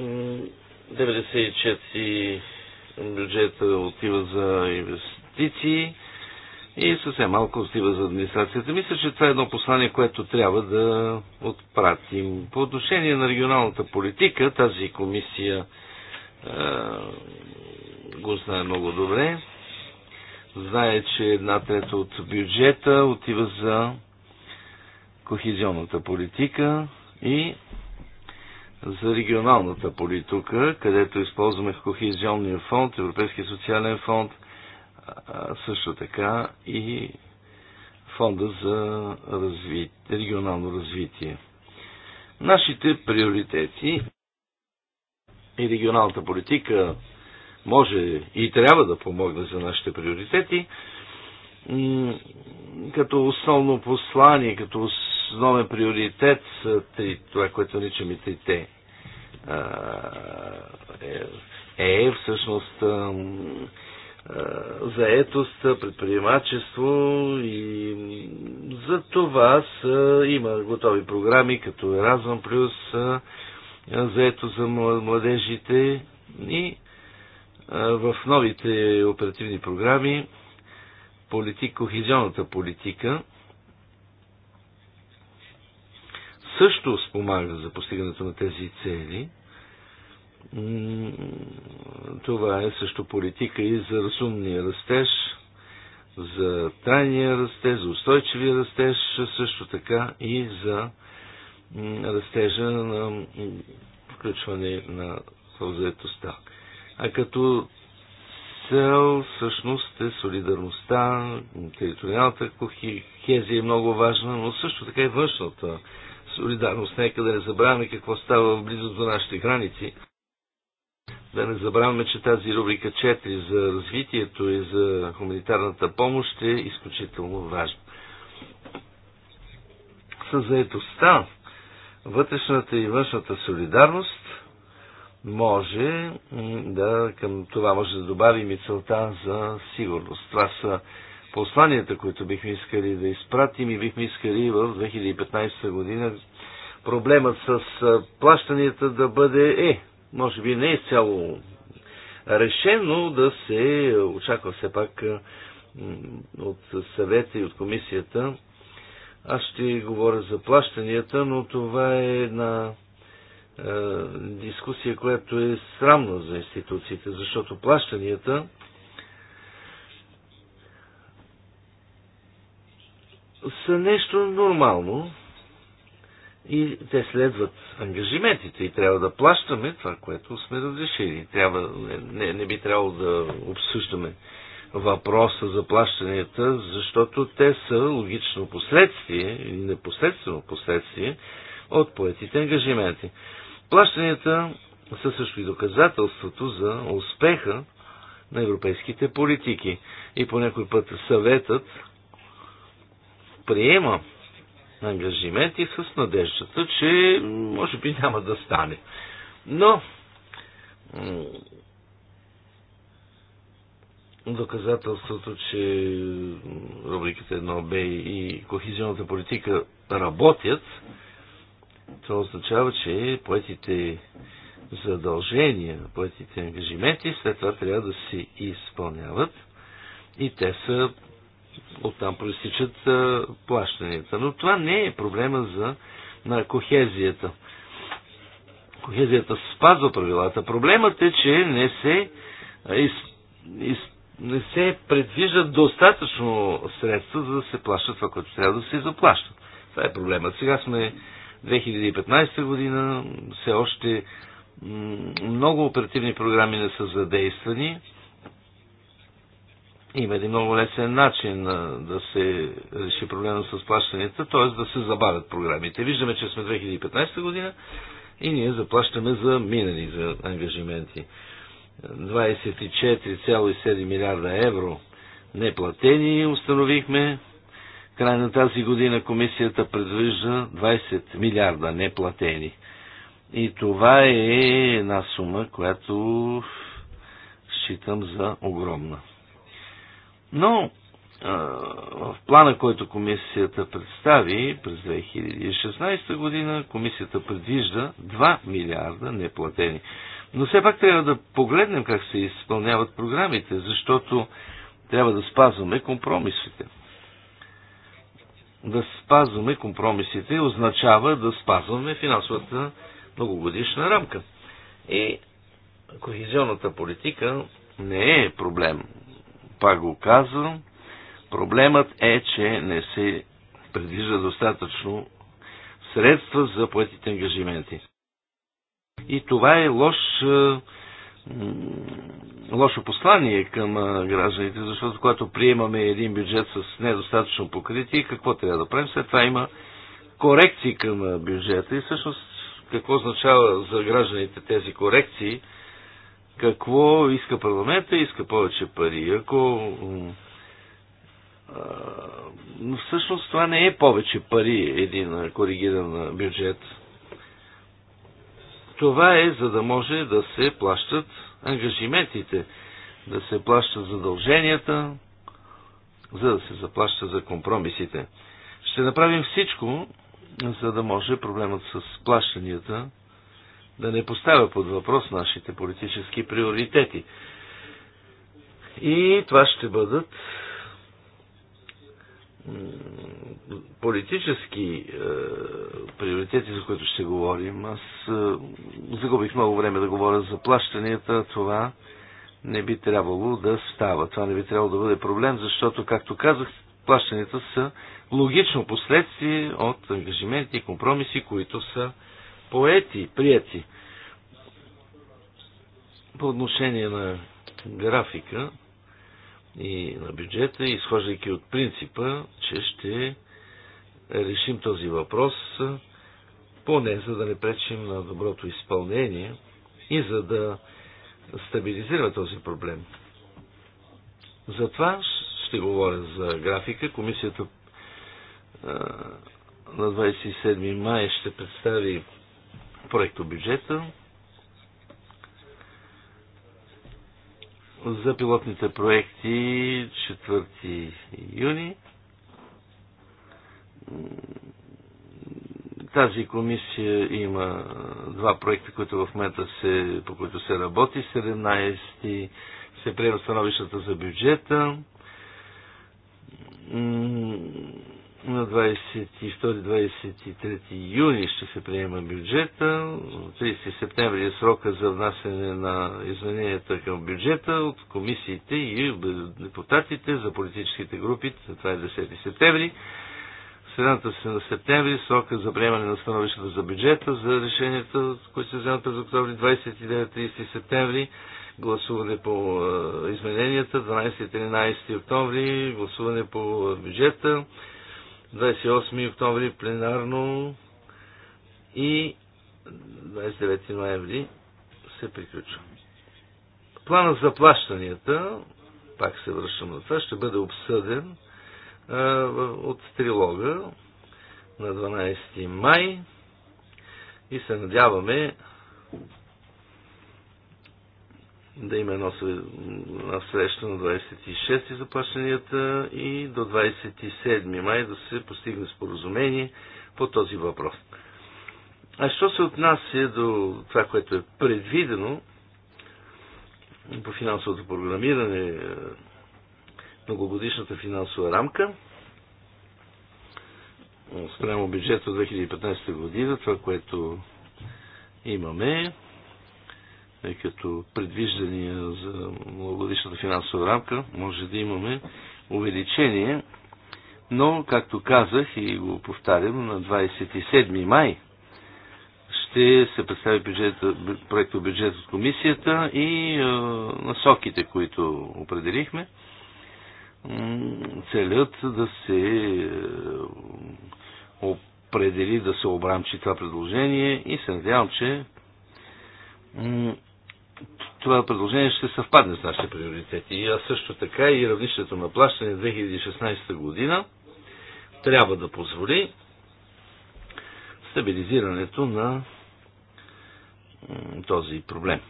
Uh, 94 бюджета отива за инвестиции и съвсем малко отива за администрацията. Мисля, че това е едно послание, което трябва да отпратим. По отношение на регионалната политика, тази комисия е, го знае много добре. Знае, че една трета от бюджета отива за кохезионната политика и за регионалната политика, където използваме Кохезионния фонд, Европейския социален фонд, също така и фонда за развитие, регионално развитие. Нашите приоритети и регионалната политика може и трябва да помогне за нашите приоритети, като основно послание, като основен приоритет са три, това, което наричаме трите е, е всъщност а, заетост, предприемачество и за това са, има готови програми като Еразъм Плюс, заето за младежите и в новите оперативни програми политик, кохезионната политика също спомага за постигането на тези цели. Това е също политика и за разумния растеж, за трайния растеж, за устойчивия растеж, също така и за растежа на включване на заедостта. А като цел всъщност е солидарността, териториалната кохезия е много важна, но също така и външната солидарност. Нека да не забравяме какво става в близост до нашите граници. Да не забравяме, че тази рубрика 4 за развитието и за хуманитарната помощ е изключително важна. С заедостта, вътрешната и външната солидарност може да, към това може да добавим и целта за сигурност. Това са посланията, които бихме искали да изпратим и бихме искали в 2015 година проблемът с плащанията да бъде, е, може би не е цяло решен, но да се очаква все пак от съвета и от комисията. Аз ще говоря за плащанията, но това е една дискусия, която е срамна за институциите, защото плащанията са нещо нормално, и те следват ангажиментите и трябва да плащаме това, което сме разрешили. Трябва, не, не би трябвало да обсъждаме въпроса за плащанията, защото те са логично последствие или непосредствено последствие от поетите ангажименти. Плащанията са също и доказателството за успеха на европейските политики. И по някой път съветът приема ангажименти с надеждата, че може би няма да стане. Но доказателството, че рубриката 1Б и кохизионната политика работят, това означава, че поетите задължения, поетите ангажименти след това трябва да се изпълняват и те са оттам проистичат плащанията. Но това не е проблема за, на кохезията. Кохезията спазва правилата. Проблемът е, че не се, из, из, не се предвиждат достатъчно средства, за да се плащат това, което трябва да се заплащат. Това е проблемът. Сега сме 2015 година, все още много оперативни програми не са задействани има един много лесен начин да се реши проблема с плащанията, т.е. да се забавят програмите. Виждаме, че сме 2015 година и ние заплащаме за минали за ангажименти. 24,7 милиарда евро неплатени установихме. Край на тази година комисията предвижда 20 милиарда неплатени. И това е една сума, която считам за огромна. Но в плана, който комисията представи през 2016 година, комисията предвижда 2 милиарда неплатени. Но все пак трябва да погледнем как се изпълняват програмите, защото трябва да спазваме компромисите. Да спазваме компромисите означава да спазваме финансовата многогодишна рамка. И кохезионната политика не е проблем пак го казвам, проблемът е, че не се предвижда достатъчно средства за поетите ангажименти. И това е лош, е, лошо послание към е, гражданите, защото когато приемаме един бюджет с недостатъчно покритие, какво трябва да правим? След това има корекции към е, бюджета и всъщност какво означава за гражданите тези корекции – какво иска парламента? Иска повече пари. Ако но всъщност това не е повече пари, един коригиран бюджет. Това е за да може да се плащат ангажиментите, да се плащат задълженията, за да се заплаща за компромисите. Ще направим всичко, за да може проблемът с плащанията да не поставя под въпрос нашите политически приоритети. И това ще бъдат политически е, приоритети, за които ще говорим. Аз е, загубих много време да говоря за плащанията. Това не би трябвало да става. Това не би трябвало да бъде проблем, защото, както казах, плащанията са логично последствие от ангажименти и компромиси, които са поети, прияти. По отношение на графика и на бюджета, изхождайки от принципа, че ще решим този въпрос, поне за да не пречим на доброто изпълнение и за да стабилизира този проблем. Затова ще говоря за графика. Комисията на 27 май ще представи проекто бюджета за пилотните проекти 4 юни. Тази комисия има два проекта, които в момента се, по които се работи. 17 се приема становищата за бюджета на 22-23 юни ще се приема бюджета. 30 септември е срока за внасяне на изменението към бюджета от комисиите и депутатите за политическите групи. Това е 10 септември. Средната се на септември е срока за приемане на становищата за бюджета, за решенията, които се вземат през октомври 29-30 септември гласуване по е, измененията, 12-13 октомври, гласуване по е, бюджета, 28 октомври пленарно и 29 ноември се приключва. Планът за плащанията, пак се връщам на това, ще бъде обсъден а, от трилога на 12 май и се надяваме да има едно среща на 26 за и до 27 май да се постигне споразумение по този въпрос. А що се отнася до това, което е предвидено по финансовото програмиране, е, многогодишната финансова рамка, спрямо бюджета 2015 година, това, което имаме, е като предвиждания за многогодишната финансова рамка, може да имаме увеличение, но, както казах и го повтарям, на 27 май ще се представи проекта бюджет от комисията и е, насоките, които определихме, целят да се определи, да се обрамчи това предложение и се надявам, че това предложение ще съвпадне с нашите приоритети. И аз също така и равнището на плащане 2016 година трябва да позволи стабилизирането на този проблем.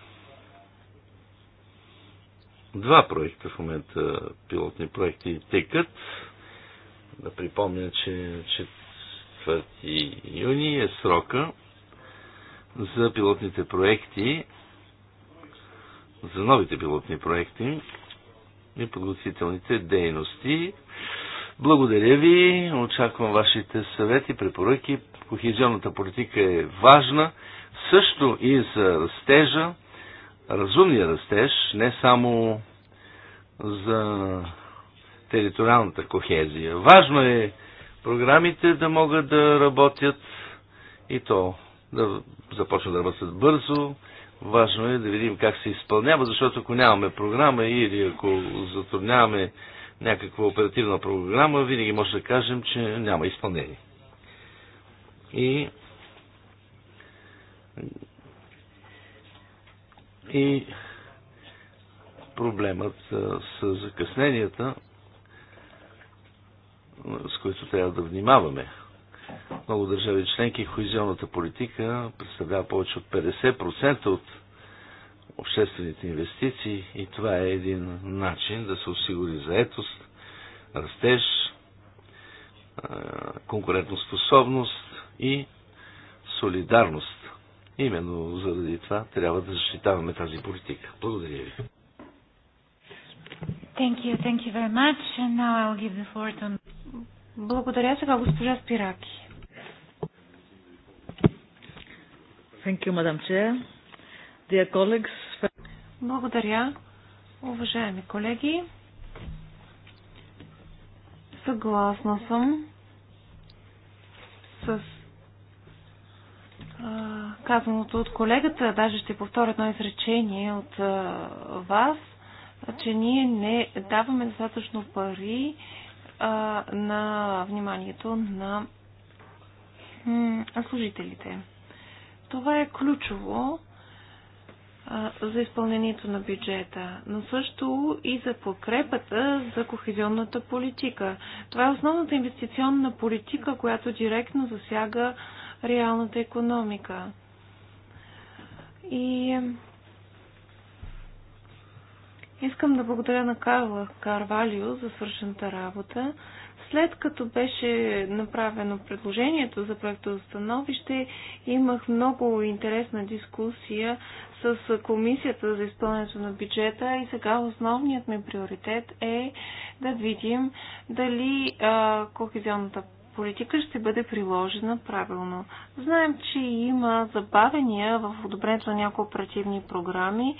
Два проекта в момента, пилотни проекти, текат. Да припомня, че 4 юни е срока за пилотните проекти за новите пилотни проекти и подготвителните дейности. Благодаря ви, очаквам вашите съвети, препоръки. Кохезионната политика е важна, също и за растежа, разумния растеж, не само за териториалната кохезия. Важно е програмите да могат да работят и то да започнат да работят бързо, Важно е да видим как се изпълнява, защото ако нямаме програма или ако затрудняваме някаква оперативна програма, винаги може да кажем, че няма изпълнение. И и проблемът с закъсненията, с които трябва да внимаваме много държави членки хоизионната политика представлява повече от 50% от обществените инвестиции и това е един начин да се осигури заетост, растеж, конкурентоспособност и солидарност. Именно заради това трябва да защитаваме тази политика. Благодаря ви. Thank you. Thank you very much. And now I'll give the floor to благодаря сега госпожа Спираки. Thank you, Madam Chair. Dear colleagues. Благодаря, уважаеми колеги. Съгласна съм с казаното от колегата, даже ще повторя едно изречение от вас, че ние не даваме достатъчно пари на вниманието на служителите. Това е ключово за изпълнението на бюджета, но също и за подкрепата за кохезионната политика. Това е основната инвестиционна политика, която директно засяга реалната економика. И Искам да благодаря на Карла Карвалио за свършената работа. След като беше направено предложението за проекто становище, имах много интересна дискусия с Комисията за изпълнението на бюджета и сега основният ми приоритет е да видим дали а, кохезионната политика ще бъде приложена правилно. Знаем, че има забавения в одобрението на някои оперативни програми.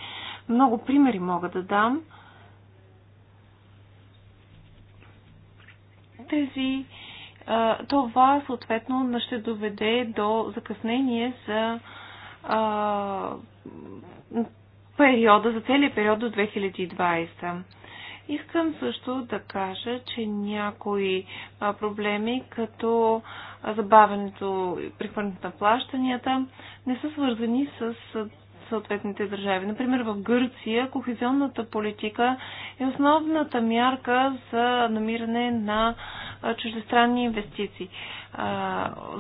Много примери мога да дам. Тези, това съответно ще доведе до закъснение за периода, за целият период до 2020. Искам също да кажа, че някои проблеми, като забавенето и прехвърлянето на плащанията, не са свързани с съответните държави. Например, в Гърция кохезионната политика е основната мярка за намиране на чуждестранни инвестиции.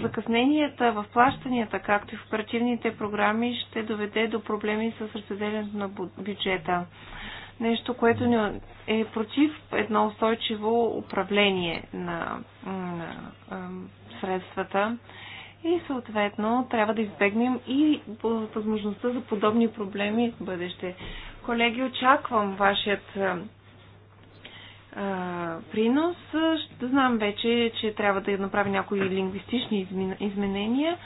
Закъсненията в плащанията, както и в оперативните програми, ще доведе до проблеми с разпределянето на бюджета нещо, което ни е против едно устойчиво управление на, на средствата и съответно трябва да избегнем и възможността за подобни проблеми в бъдеще. Колеги, очаквам вашият принос. Знам вече, че трябва да направи някои лингвистични изменения,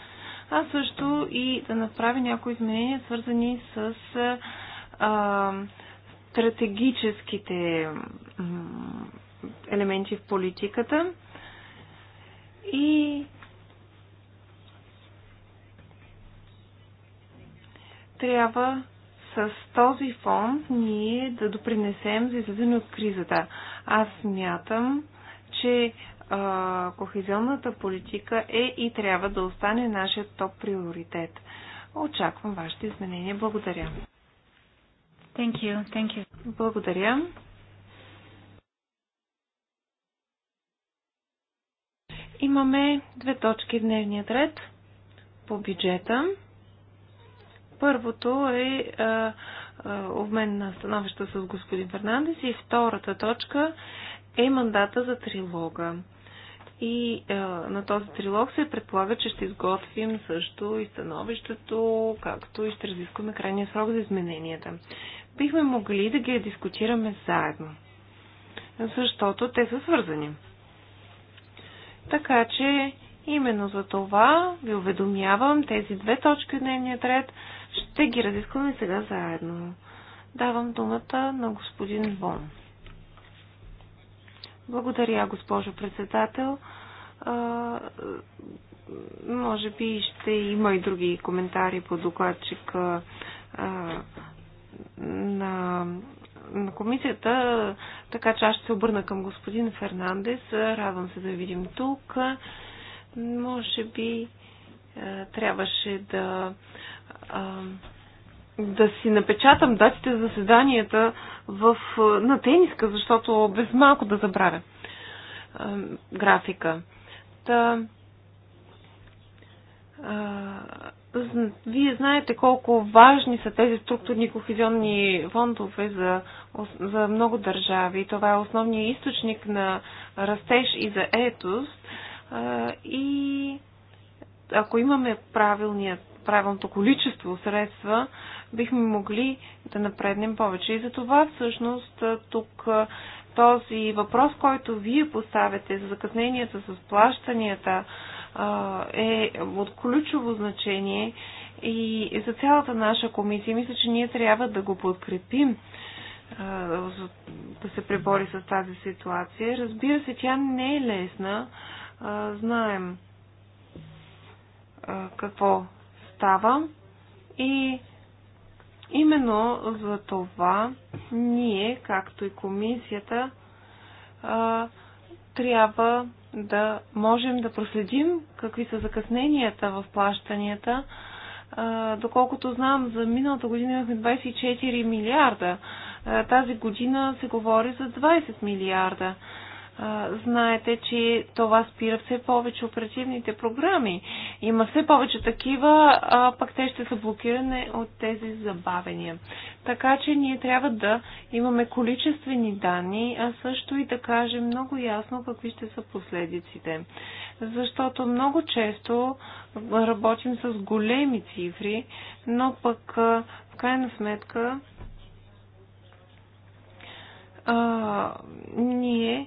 а също и да направи някои изменения, свързани с а, стратегическите елементи в политиката и трябва с този фонд ние да допринесем за излизане от кризата. Аз мятам, че а, кохезионната политика е и трябва да остане нашия топ приоритет. Очаквам вашите изменения. Благодаря. Thank you. Thank you. Благодаря. Имаме две точки в дневния ред по бюджета. Първото е а, а, обмен на становища с господин Фернандес и втората точка е мандата за трилога. И а, на този трилог се предполага, че ще изготвим също и становището, както и ще разискваме крайния срок за измененията бихме могли да ги дискутираме заедно, защото те са свързани. Така че Именно за това ви уведомявам тези две точки от дневния ред. Ще ги разискваме сега заедно. Давам думата на господин Вон. Благодаря, госпожо председател. А, може би ще има и други коментари по докладчик а, на, на комисията, така че аз ще се обърна към господин Фернандес. Радвам се да ви видим тук. Може би е, трябваше да, е, да си напечатам датите за заседанията в, на тениска, защото без малко да забравя е, графика. Та, вие знаете колко важни са тези структурни кохезионни фондове за, за много държави. Това е основният източник на растеж и за етост. И ако имаме правилният, правилното количество средства, бихме могли да напреднем повече. И за това всъщност тук този въпрос, който вие поставяте за закъсненията с плащанията, е от ключово значение и за цялата наша комисия. Мисля, че ние трябва да го подкрепим да се пребори с тази ситуация. Разбира се, тя не е лесна. Знаем какво става и именно за това ние, както и комисията, трябва да можем да проследим какви са закъсненията в плащанията. Доколкото знам, за миналата година имахме 24 милиарда. Тази година се говори за 20 милиарда знаете, че това спира все повече оперативните програми. Има все повече такива, а пък те ще са блокирани от тези забавения. Така че ние трябва да имаме количествени данни, а също и да кажем много ясно какви ще са последиците. Защото много често работим с големи цифри, но пък в крайна сметка а, ние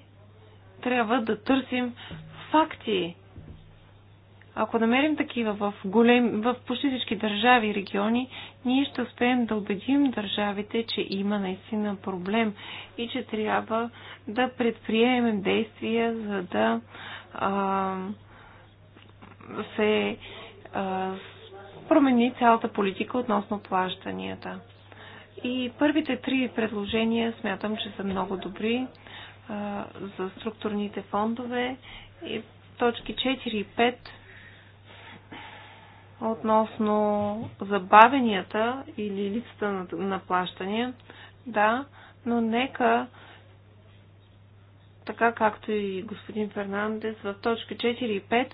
трябва да търсим факти. Ако намерим такива в, голем, в почти всички държави и региони, ние ще успеем да убедим държавите, че има наистина проблем и че трябва да предприемем действия, за да а, се а, промени цялата политика относно плащанията. И първите три предложения смятам, че са много добри за структурните фондове и точки 4 и 5 относно забавенията или липсата на, плащания. Да, но нека така както и господин Фернандес, в точки 4 и 5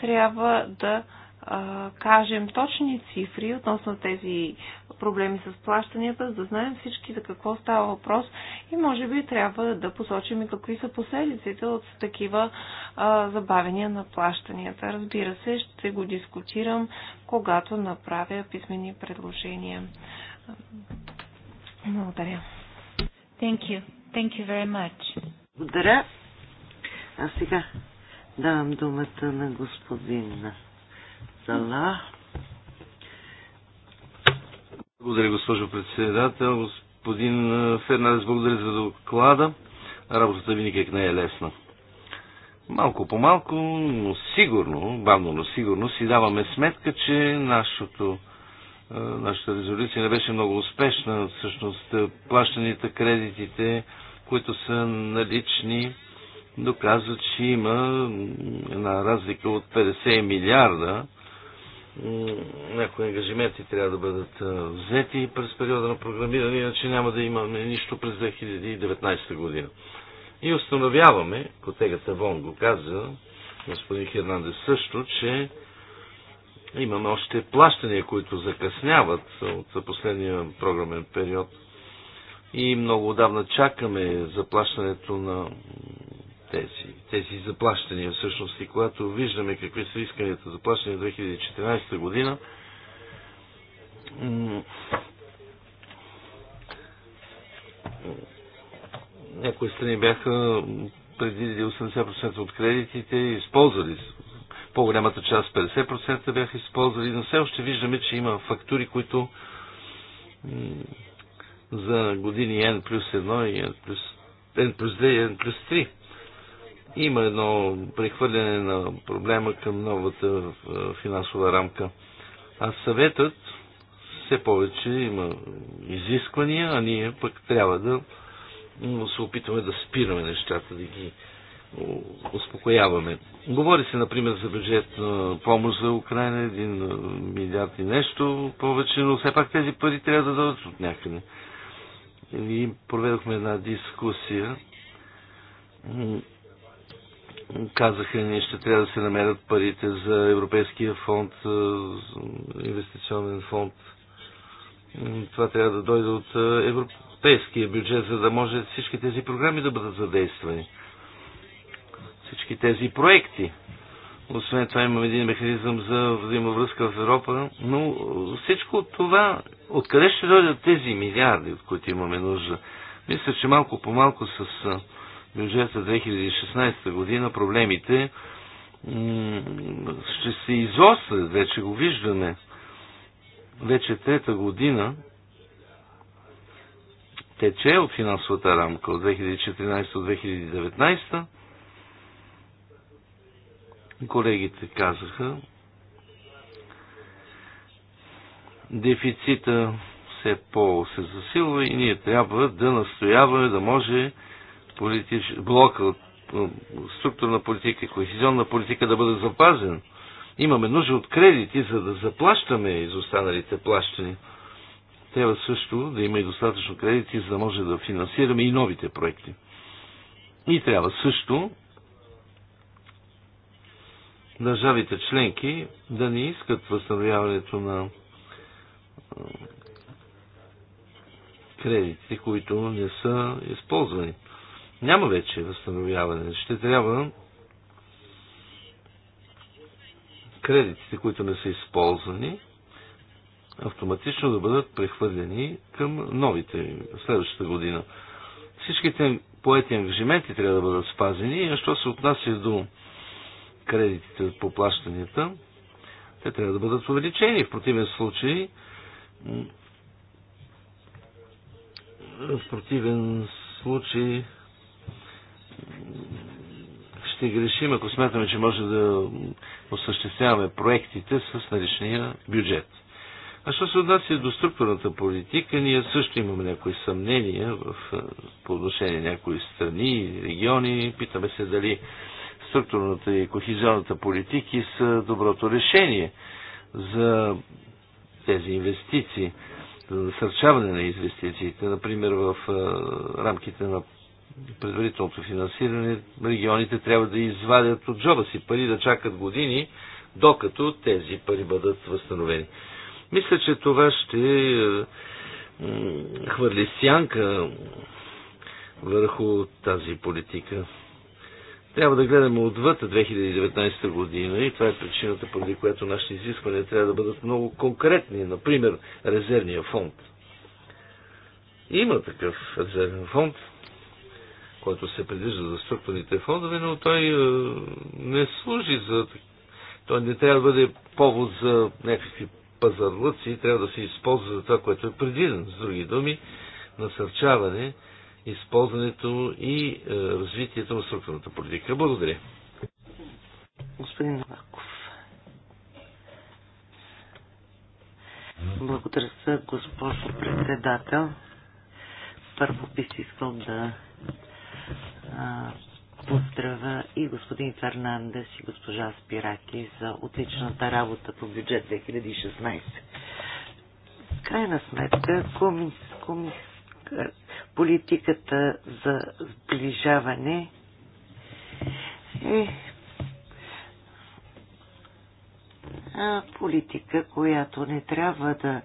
трябва да а, кажем точни цифри относно тези проблеми с плащанията, за да знаем всички за какво става въпрос и може би трябва да посочим и какви са последиците от такива а, забавения на плащанията. Разбира се, ще го дискутирам, когато направя писмени предложения. Благодаря. Thank you. Thank you very much. Благодаря. А сега давам думата на господин Зала. Благодаря, госпожо председател. Господин Фернандес, благодаря за доклада. Работата винаги е- не е лесна. Малко по малко, но сигурно, бавно, но сигурно си даваме сметка, че нашото, е, нашата резолюция не беше много успешна. Всъщност, е, плащаните кредитите, които са налични, доказват, че има една разлика от 50 милиарда някои ангажименти трябва да бъдат взети през периода на програмиране, иначе няма да имаме нищо през 2019 година. И установяваме, котегата Вон го каза, господин Хернандес също, че имаме още плащания, които закъсняват от последния програмен период. И много отдавна чакаме заплащането на тези, тези заплащания всъщност и когато виждаме какви са исканията за плащане 2014 година, някои страни бяха предвидили 80% от кредитите и използвали по-голямата част, 50% бяха използвали, но все още виждаме, че има фактури, които за години N плюс 1 и N плюс, N плюс 2 и N плюс 3. Има едно прехвърляне на проблема към новата е, финансова рамка. А съветът все повече има изисквания, а ние пък трябва да се опитваме да спираме нещата, да ги успокояваме. Говори се, например, за бюджет на помощ за Украина, един е, милиард и нещо повече, но все пак тези пари трябва да дойдат от някъде. И проведохме една дискусия казаха, ние ще трябва да се намерят парите за Европейския фонд, инвестиционен фонд. Това трябва да дойде от европейския бюджет, за да може всички тези програми да бъдат задействани. Всички тези проекти. Освен това имаме един механизъм за взаимовръзка в Европа, но всичко от това, откъде ще дойдат тези милиарди, от които имаме нужда? Мисля, че малко по малко с Бюджета 2016 година проблемите ще се изострят, вече го виждаме. Вече трета година тече от финансовата рамка от 2014-2019. Колегите казаха, дефицита все по-се засилва и ние трябва да настояваме да може политич... блок от структурна политика и кохезионна политика да бъде запазен. Имаме нужда от кредити, за да заплащаме изостаналите плащания. Трябва също да има и достатъчно кредити, за да може да финансираме и новите проекти. И трябва също държавите членки да не искат възстановяването на кредитите, които не са използвани. Няма вече възстановяване. Ще трябва кредитите, които не са използвани, автоматично да бъдат прехвърлени към новите следващата година. Всичките поети ангажименти трябва да бъдат спазени, а що се отнася до кредитите по плащанията, те трябва да бъдат увеличени. В противен случай, в противен случай ще грешим, ако смятаме, че може да осъществяваме проектите с наличния бюджет. А що се отнася до структурната политика, ние също имаме някои съмнения в, е, по отношение на някои страни и региони. Питаме се дали структурната и кохизионната политики са доброто решение за тези инвестиции, за насърчаване на инвестициите, например в е, рамките на предварителното финансиране, регионите трябва да извадят от джоба си пари, да чакат години, докато тези пари бъдат възстановени. Мисля, че това ще е, хвърли сянка върху тази политика. Трябва да гледаме отвъд 2019 година и това е причината, поради която нашите изисквания трябва да бъдат много конкретни. Например, резервния фонд. Има такъв резервен фонд – който се предвижда за структурните фондове, но той е, не служи за... Той не трябва да бъде повод за някакви пазарлъци, трябва да се използва за това, което е предвидено. С други думи, насърчаване, използването и е, развитието на структурната политика. Благодаря. Господин Новаков. Благодаря, госпожо председател. Първо бих искал да а, поздравя и господин Фернандес и госпожа Спираки за отличната работа по бюджет 2016. В крайна сметка, комис, комис, политиката за сближаване е политика, която не трябва да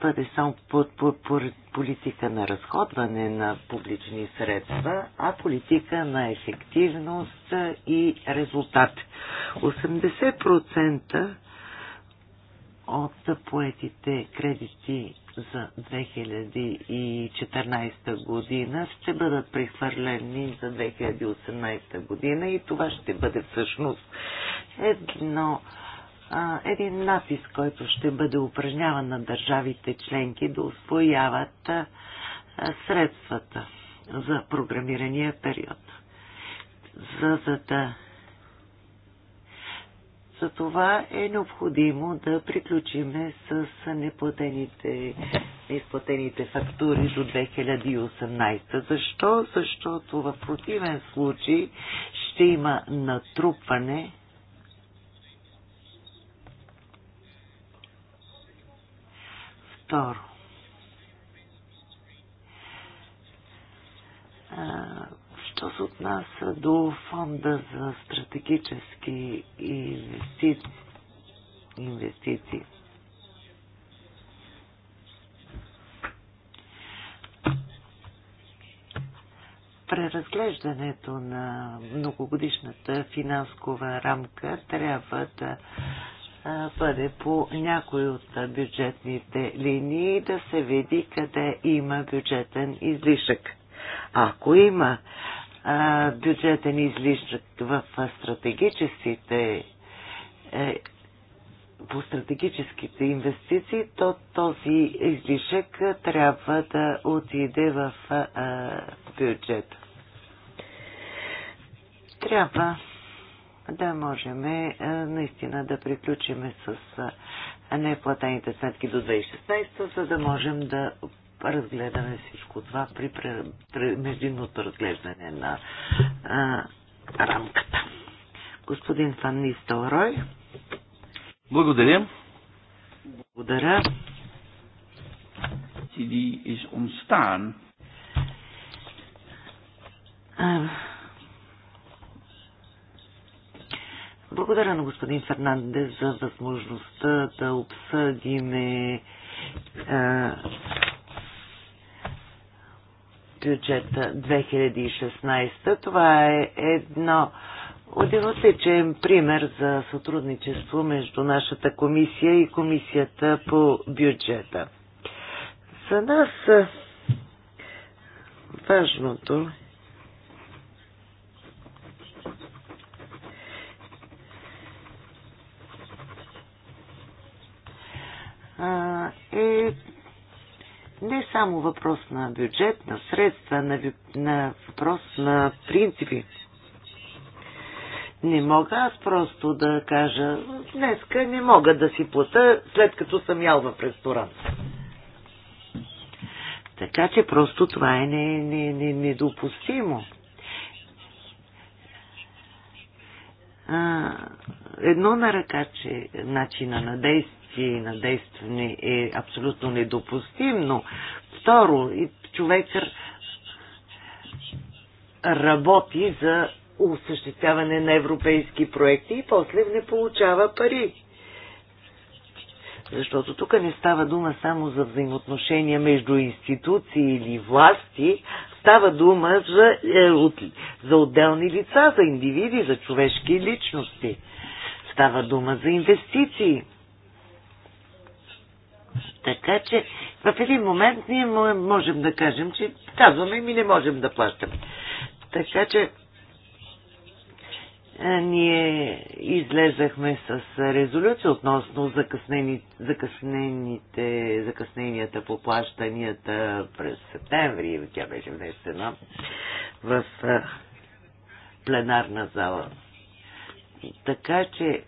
бъде само по, по, по, политика на разходване на публични средства, а политика на ефективност и резултат. 80% от поетите кредити за 2014 година ще бъдат прехвърлени за 2018 година и това ще бъде всъщност едно а, един натиск, който ще бъде упражняван на държавите членки да освояват а, средствата за програмирания период. За, за да за това е необходимо да приключиме с неплатените, изплатените фактури до 2018. Защо? Защото в противен случай ще има натрупване Второ, що се отнася до фонда за стратегически инвестиции, преразглеждането на многогодишната финансова рамка трябва да бъде по някои от бюджетните линии да се види къде има бюджетен излишък. Ако има бюджетен излишък в стратегическите е, по стратегическите инвестиции, то този излишък трябва да отиде в бюджет. Трябва да можем е, наистина да приключим с е, неплатените сметки до 2016, за да можем да разгледаме всичко това при, междинното разглеждане на е, рамката. Господин Фан Нистелрой. Благодаря. Благодаря. Сиди is ontstaan. Uh, Благодаря на господин Фернандес за възможността да обсъдиме бюджета 2016. Това е едно един отличен пример за сътрудничество между нашата комисия и комисията по бюджета. За нас важното е е не само въпрос на бюджет, на средства, на, на въпрос на принципи. Не мога аз просто да кажа, днеска не мога да си плата, след като съм ял в ресторан. Така че просто това е не, не, не, недопустимо. А, едно на ръка, че начина на действие позиции на действени е абсолютно недопустимо. Второ, човек работи за осъществяване на европейски проекти и после не получава пари. Защото тук не става дума само за взаимоотношения между институции или власти, става дума за, е, от, за отделни лица, за индивиди, за човешки личности. Става дума за инвестиции. Така че в един момент ние можем да кажем, че казваме ми не можем да плащаме. Така че ние излезахме с резолюция относно закъснени, закъснените, закъсненията по плащанията през септември. Тя беше внесена в пленарна зала. Така че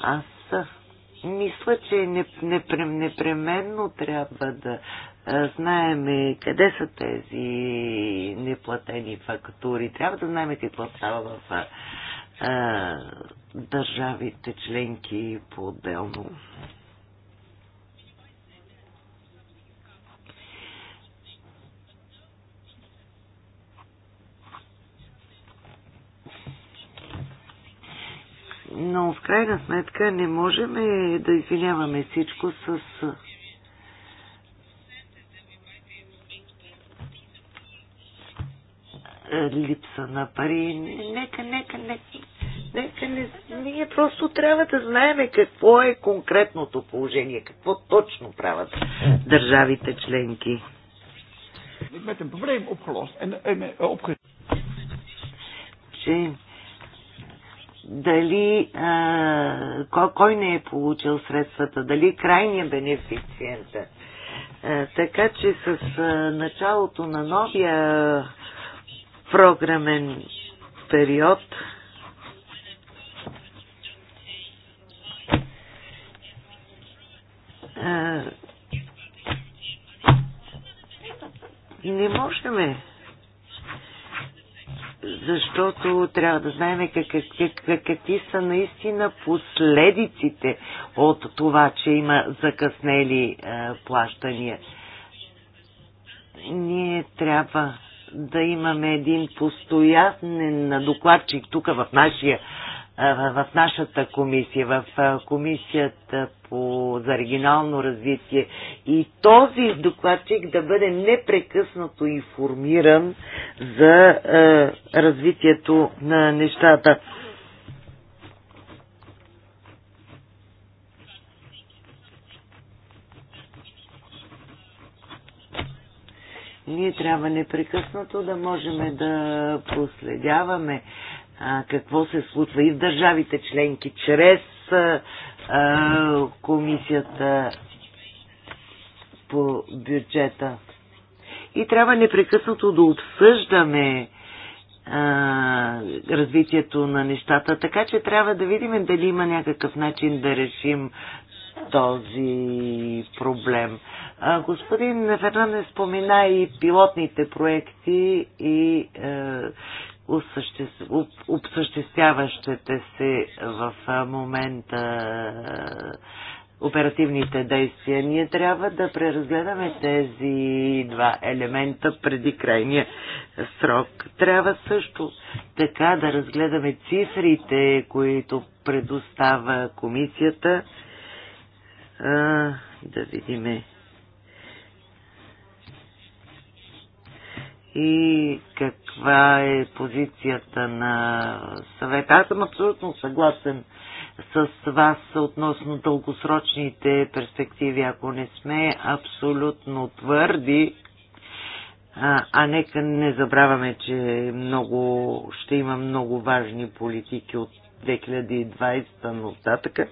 аз мисля, че непременно трябва да знаем къде са тези неплатени фактури. Трябва да знаем какво става в държавите членки по-отделно. но в крайна сметка не можем да извиняваме всичко с е, липса на пари. Нека, нека, нека, нека не, ние просто трябва да знаем какво е конкретното положение, какво точно правят държавите членки. Че дали а, кой, кой не е получил средствата, дали е крайния бенефициент. Така че с а, началото на новия програмен период а, не можем защото трябва да знаем какви са наистина последиците от това, че има закъснели е, плащания. Ние трябва да имаме един постоянен докладчик тук в нашия в нашата комисия, в комисията по, за регионално развитие и този докладчик да бъде непрекъснато информиран за е, развитието на нещата. Ние трябва непрекъснато да можем да проследяваме а, какво се случва и в държавите членки, чрез а, а, комисията по бюджета. И трябва непрекъснато да обсъждаме а, развитието на нещата, така че трябва да видим дали има някакъв начин да решим този проблем. А, господин Фернандес спомена и пилотните проекти и е, обсъществяващите се в момента оперативните действия. Ние трябва да преразгледаме тези два елемента преди крайния срок. Трябва също така да разгледаме цифрите, които предостава комисията. А, да видиме и каква е позицията на съвета. Аз съм абсолютно съгласен с вас относно дългосрочните перспективи, ако не сме абсолютно твърди, а, а нека не забравяме, че много, ще има много важни политики от 2020 нататъка.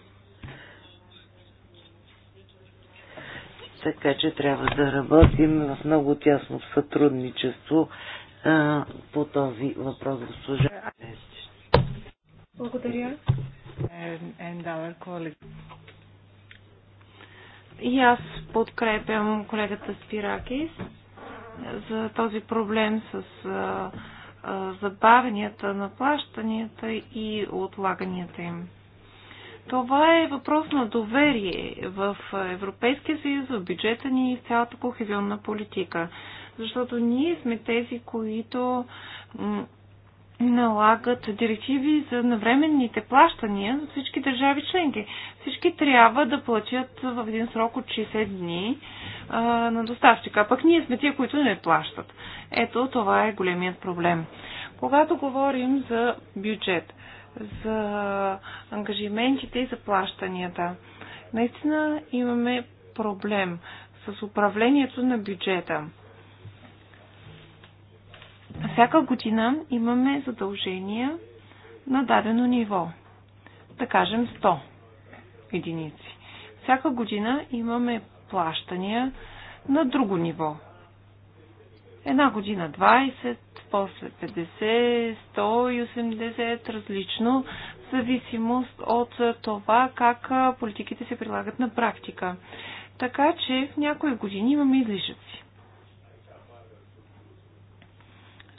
Така че трябва да работим в много тясно сътрудничество а, по този въпрос, госпожа. Благодаря. И аз подкрепям колегата Спиракис за този проблем с а, а, забавенията на плащанията и отлаганията им. Това е въпрос на доверие в Европейския съюз, в бюджета ни и в цялата кохезионна политика. Защото ние сме тези, които налагат директиви за навременните плащания за всички държави членки. Всички трябва да платят в един срок от 60 дни а, на доставчика, А пък ние сме тия, които не плащат. Ето това е големият проблем. Когато говорим за бюджет, за ангажиментите и за плащанията. Наистина имаме проблем с управлението на бюджета. Всяка година имаме задължения на дадено ниво. Да кажем 100 единици. Всяка година имаме плащания на друго ниво. Една година 20, после 50, 180, различно, в зависимост от това как политиките се прилагат на практика. Така че в някои години имаме излишъци.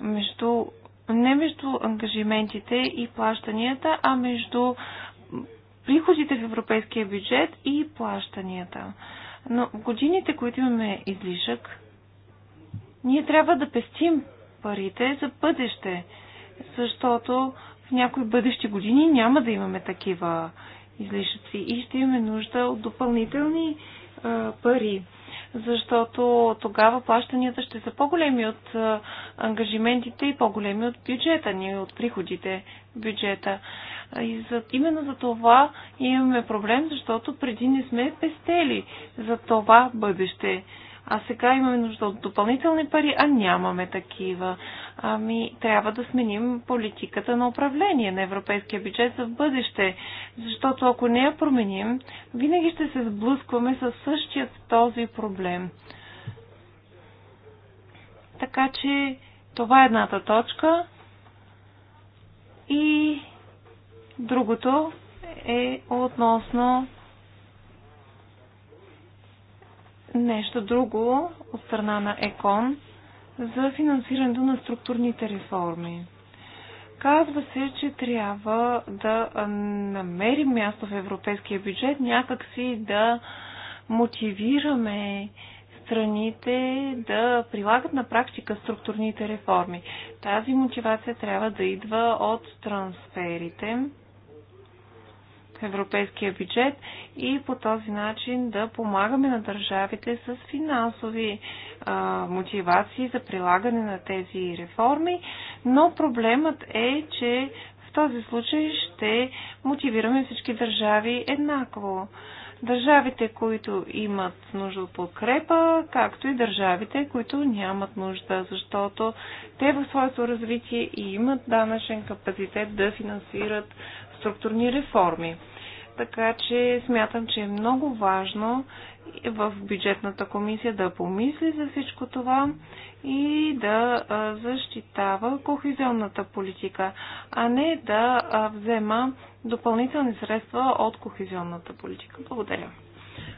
Между, не между ангажиментите и плащанията, а между приходите в европейския бюджет и плащанията. Но в годините, които имаме излишък, ние трябва да пестим парите за бъдеще, защото в някои бъдещи години няма да имаме такива излишъци и ще имаме нужда от допълнителни а, е, пари, защото тогава плащанията ще са по-големи от а, е, ангажиментите и по-големи от бюджета ни, от приходите в бюджета. И за, именно за това имаме проблем, защото преди не сме пестели за това бъдеще а сега имаме нужда от допълнителни пари, а нямаме такива. Ами, трябва да сменим политиката на управление на европейския бюджет за бъдеще, защото ако не я променим, винаги ще се сблъскваме с същият този проблем. Така че това е едната точка. И другото е относно нещо друго от страна на ЕКОН за финансирането на структурните реформи. Казва се, че трябва да намерим място в европейския бюджет, някакси да мотивираме страните да прилагат на практика структурните реформи. Тази мотивация трябва да идва от трансферите европейския бюджет и по този начин да помагаме на държавите с финансови а, мотивации за прилагане на тези реформи, но проблемът е, че в този случай ще мотивираме всички държави еднакво. Държавите, които имат нужда от подкрепа, както и държавите, които нямат нужда, защото те в своето развитие и имат данъчен капацитет да финансират структурни реформи. Така че смятам, че е много важно в бюджетната комисия да помисли за всичко това и да защитава кохизионната политика, а не да взема допълнителни средства от кохизионната политика. Благодаря.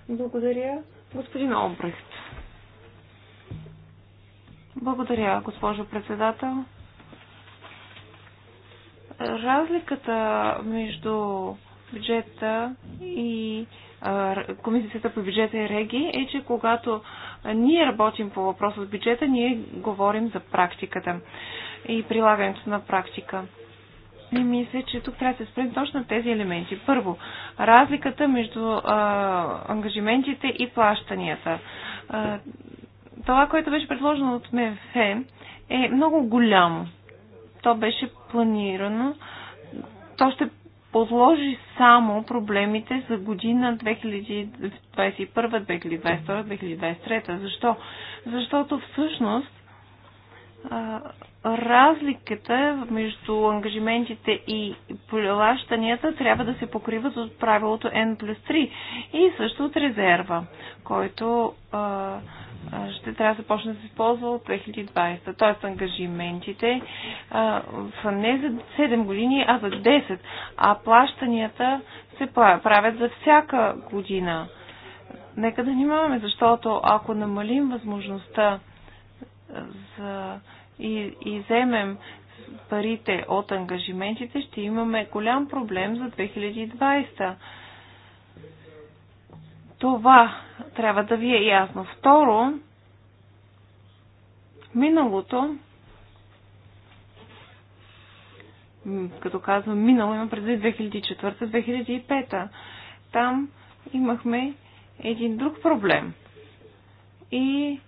Благодаря, господин Обрехт. Благодаря, госпожо председател. Разликата между бюджета и Комисията по бюджета и реги е, че когато ние работим по въпроса с бюджета, ние говорим за практиката и прилагането на практика. И мисля, че тук трябва да се спрем точно на тези елементи. Първо, разликата между а, ангажиментите и плащанията. А, това, което беше предложено от МФ, е много голямо. То беше планирано. То ще подложи само проблемите за година 2021, 2022, 2023. Защо? Защото всъщност разликата между ангажиментите и плащанията трябва да се покриват от правилото N плюс 3 и също от резерва, който ще трябва да започне да се използва от 2020. Тоест ангажиментите а, са не за 7 години, а за 10. А плащанията се правят за всяка година. Нека да внимаваме, защото ако намалим възможността за и, и вземем парите от ангажиментите, ще имаме голям проблем за 2020. Това трябва да ви е ясно. Второ, миналото, като казвам минало, има преди 2004-2005. Там имахме един друг проблем. И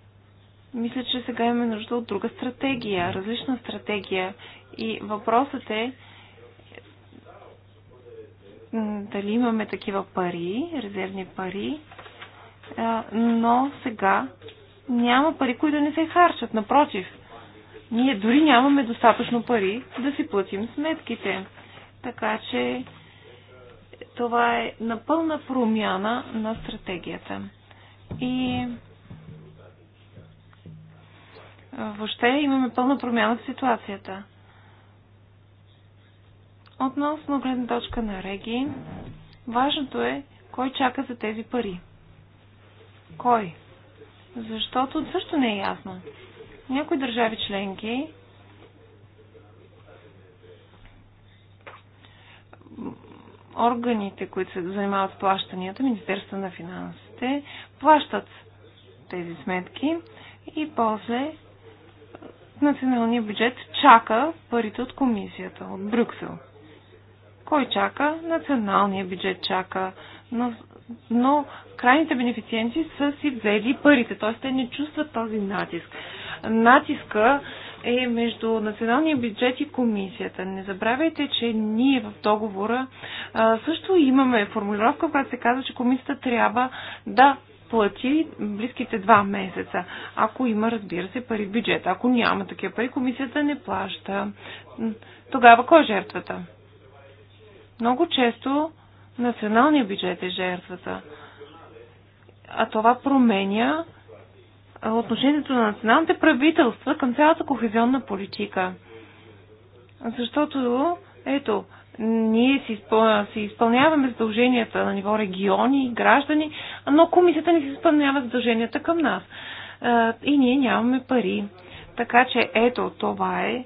мисля, че сега имаме нужда от друга стратегия, различна стратегия. И въпросът е дали имаме такива пари, резервни пари, но сега няма пари, които не се харчат. Напротив, ние дори нямаме достатъчно пари да си платим сметките. Така че това е напълна промяна на стратегията. И въобще имаме пълна промяна в ситуацията. Относно гледна точка на Реги, важното е кой чака за тези пари. Кой? Защото също не е ясно. Някои държави членки органите, които се занимават с плащанията, Министерство на финансите, плащат тези сметки и после националния бюджет чака парите от комисията, от Брюксел. Кой чака? Националния бюджет чака. Но, но крайните бенефициенти са си взели парите, т.е. те не чувстват този натиск. Натиска е между националния бюджет и комисията. Не забравяйте, че ние в договора а, също имаме формулировка, която се казва, че комисията трябва да плати близките два месеца. Ако има, разбира се, пари в бюджета. Ако няма такива пари, комисията не плаща. Тогава кой е жертвата? Много често националният бюджет е жертвата. А това променя отношението на националните правителства към цялата кохезионна политика. Защото, ето, ние си, си изпълняваме задълженията на ниво региони, граждани, но комисията не си изпълнява задълженията към нас. И ние нямаме пари. Така че, ето, това е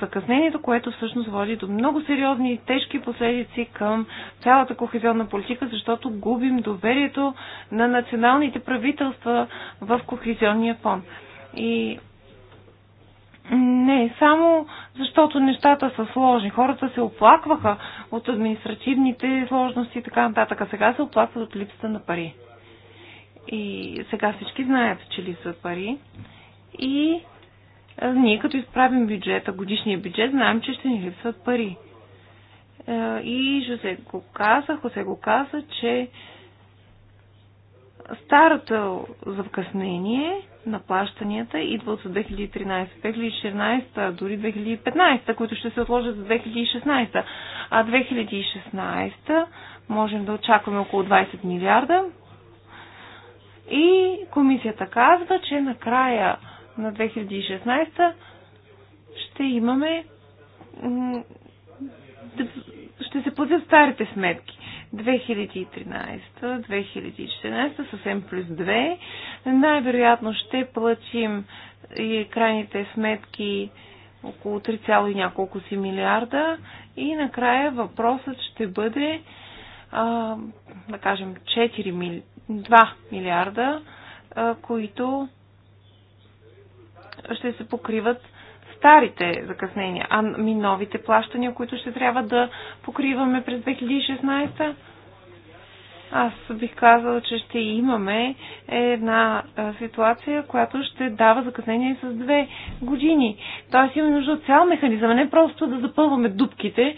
закъснението, което всъщност води до много сериозни и тежки последици към цялата кохезионна политика, защото губим доверието на националните правителства в кохезионния фонд. И не, само защото нещата са сложни. Хората се оплакваха от административните сложности и така нататък. А сега се оплакват от липсата на пари. И сега всички знаят, че липсват пари. И е, ние като изправим бюджета, годишния бюджет, знаем, че ще ни липсват пари. Е, и Жозе го каза, Хосе го каза, че старото закъснение на плащанията идва от 2013, 2014, дори 2015, които ще се отложат за 2016. А 2016 можем да очакваме около 20 милиарда. И комисията казва, че накрая на 2016 ще имаме ще се платят старите сметки. 2013, 2014, съвсем плюс 2. Най-вероятно ще платим и крайните сметки около 3, няколко си милиарда. И накрая въпросът ще бъде, а, да кажем, 4 мили... 2 милиарда, а, които ще се покриват старите закъснения, а ми новите плащания, които ще трябва да покриваме през 2016? Аз бих казала, че ще имаме една ситуация, която ще дава закъснение с две години. Тоест имаме нужда от цял механизъм, не просто да запълваме дубките,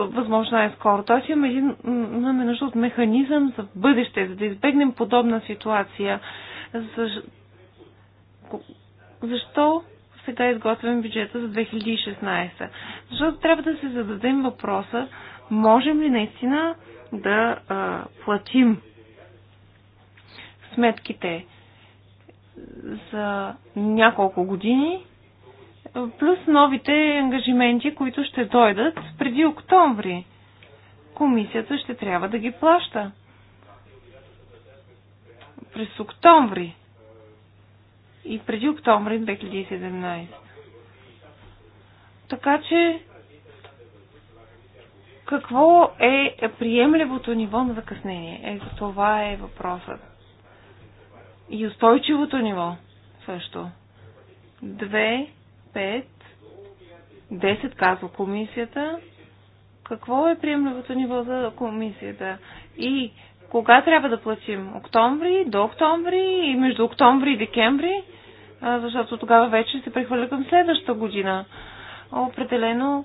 възможно най-скоро. Тоест имаме, един, имаме нужда от механизъм за бъдеще, за да избегнем подобна ситуация. За защо сега изготвяме бюджета за 2016? Защото трябва да се зададем въпроса, можем ли наистина да а, платим сметките за няколко години, плюс новите ангажименти, които ще дойдат преди октомври. Комисията ще трябва да ги плаща. През октомври и преди октомври 2017. Така че, какво е приемливото ниво на закъснение? Ето това е въпросът. И устойчивото ниво също. 2, 5, 10 казва комисията. Какво е приемливото ниво за комисията? И кога трябва да платим? Октомври, до октомври и между октомври и декември? защото тогава вече се прехвърля към следващата година. Определено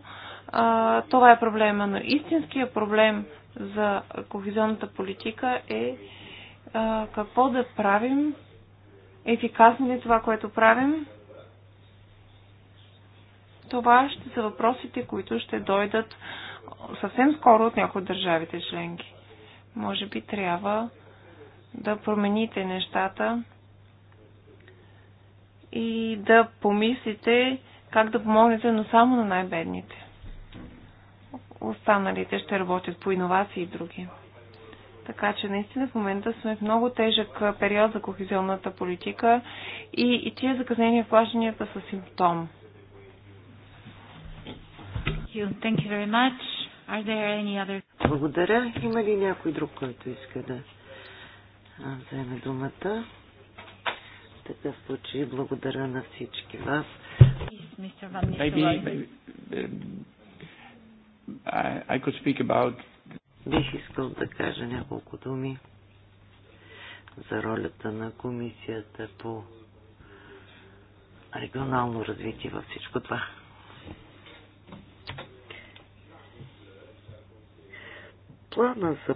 а, това е проблема, но истинският проблем за кохезионната политика е а, какво да правим, ефикасно ли е това, което правим. Това ще са въпросите, които ще дойдат съвсем скоро от някои от държавите членки. Може би трябва да промените нещата и да помислите как да помогнете, но само на най-бедните. Останалите ще работят по иновации и други. Така че наистина в момента сме в много тежък период за кохезионната политика и, и тия закъснения в плащанията са симптом. Other... Благодаря. Има ли някой друг, който иска да вземе думата? В такъв случай благодаря на всички вас. Uh, Бих искал да кажа няколко думи за ролята на комисията по регионално развитие във всичко това. Плана за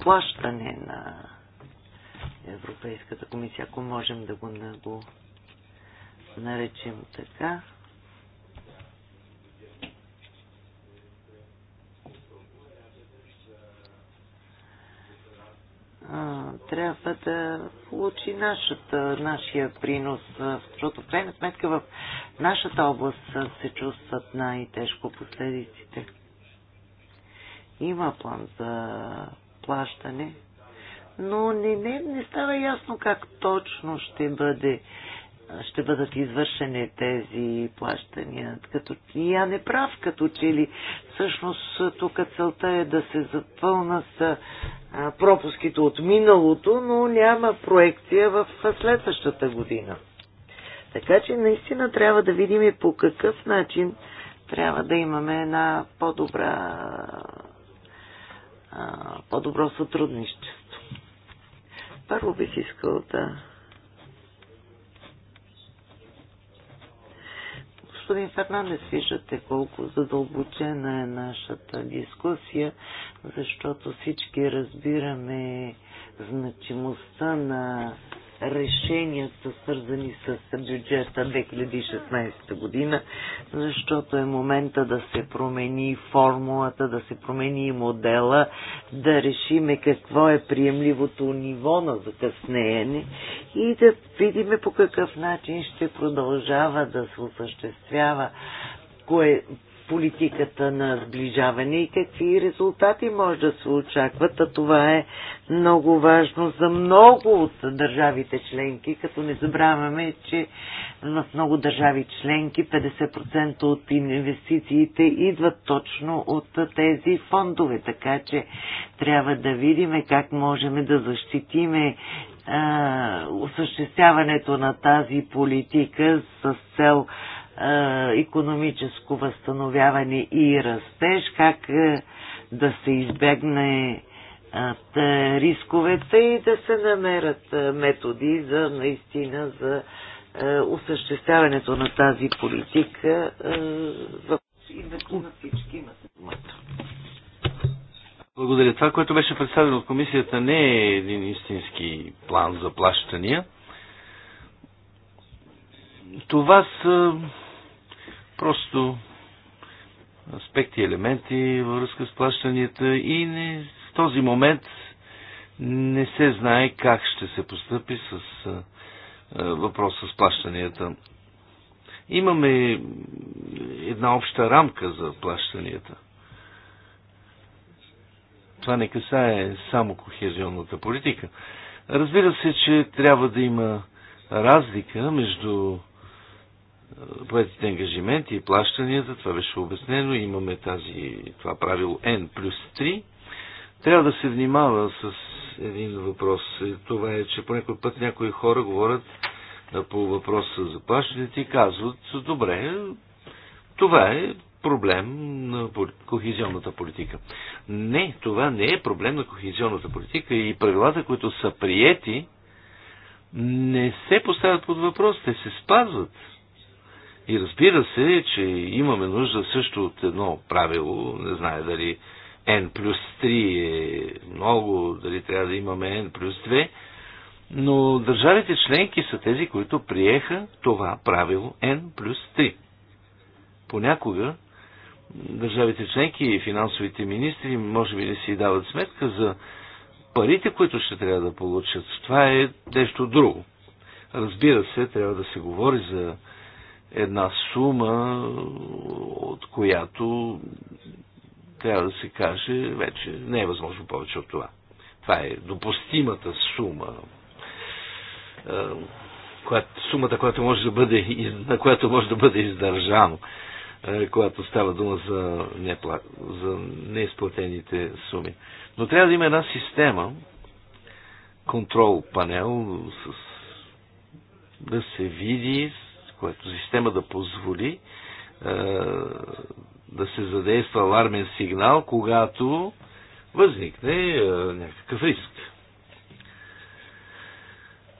плащане на Европейската комисия, ако можем да го, да го така. А, трябва да получи нашата, нашия принос, защото в крайна сметка в нашата област се чувстват най-тежко последиците. Има план за плащане но не, не, не става ясно как точно ще бъде ще бъдат извършени тези плащания. Като я не прав, като че ли всъщност тук целта е да се запълнат пропуските от миналото, но няма проекция в следващата година. Така че наистина трябва да видим и по какъв начин трябва да имаме една по-добра по-добро сътрудничество. Първо бих искал да господин Фернандес, виждате колко задълбочена е нашата дискусия, защото всички разбираме значимостта на решенията, свързани с бюджета 2016 година, защото е момента да се промени формулата, да се промени модела, да решиме какво е приемливото ниво на закъснеене и да видим по какъв начин ще продължава да се осъществява кое политиката на сближаване и какви резултати може да се очакват, а това е много важно за много от държавите членки, като не забравяме, че в много държави членки 50% от инвестициите идват точно от тези фондове, така че трябва да видим как можем да защитиме осъществяването на тази политика с цел економическо възстановяване и растеж, как да се избегне рисковете и да се намерят методи за наистина за осъществяването на тази политика в на всички имате. Благодаря. Това, което беше представено от комисията, не е един истински план за плащания. Това са просто аспекти, елементи във връзка с плащанията и не, в този момент не се знае как ще се поступи с а, въпроса с плащанията. Имаме една обща рамка за плащанията. Това не касае само кохезионната политика. Разбира се, че трябва да има разлика между поетите ангажименти и плащанията, това беше обяснено, имаме тази, това правило N плюс 3. Трябва да се внимава с един въпрос. Това е, че по някой път някои хора говорят по въпроса за плащането и казват, добре, това е проблем на кохезионната политика. Не, това не е проблем на кохезионната политика и правилата, които са приети, не се поставят под въпрос, те се спазват. И разбира се, че имаме нужда също от едно правило, не знае дали N плюс 3 е много, дали трябва да имаме N плюс 2, но държавите членки са тези, които приеха това правило N плюс 3. Понякога държавите членки и финансовите министри може би не си дават сметка за парите, които ще трябва да получат. Това е нещо друго. Разбира се, трябва да се говори за една сума, от която трябва да се каже, вече не е възможно повече от това. Това е допустимата сума, е, която, сумата, която може да бъде, на която може да бъде издържано, е, когато става дума за, непла, за неизплатените суми. Но трябва да има една система, контрол панел, с, да се види което система да позволи е, да се задейства алармен сигнал, когато възникне е, някакъв риск.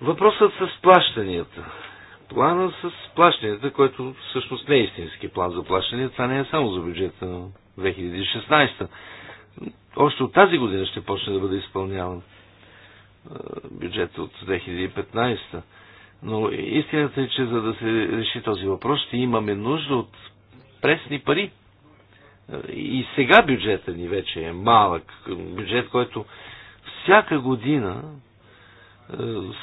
Въпросът с плащанията. Плана с плащанията, който всъщност не е истински план за плащания, това не е само за бюджета на 2016. Още от тази година ще почне да бъде изпълняван е, бюджета от 2015. Но истината е, че за да се реши този въпрос, ще имаме нужда от пресни пари. И сега бюджета ни вече е малък. Бюджет, който всяка година е,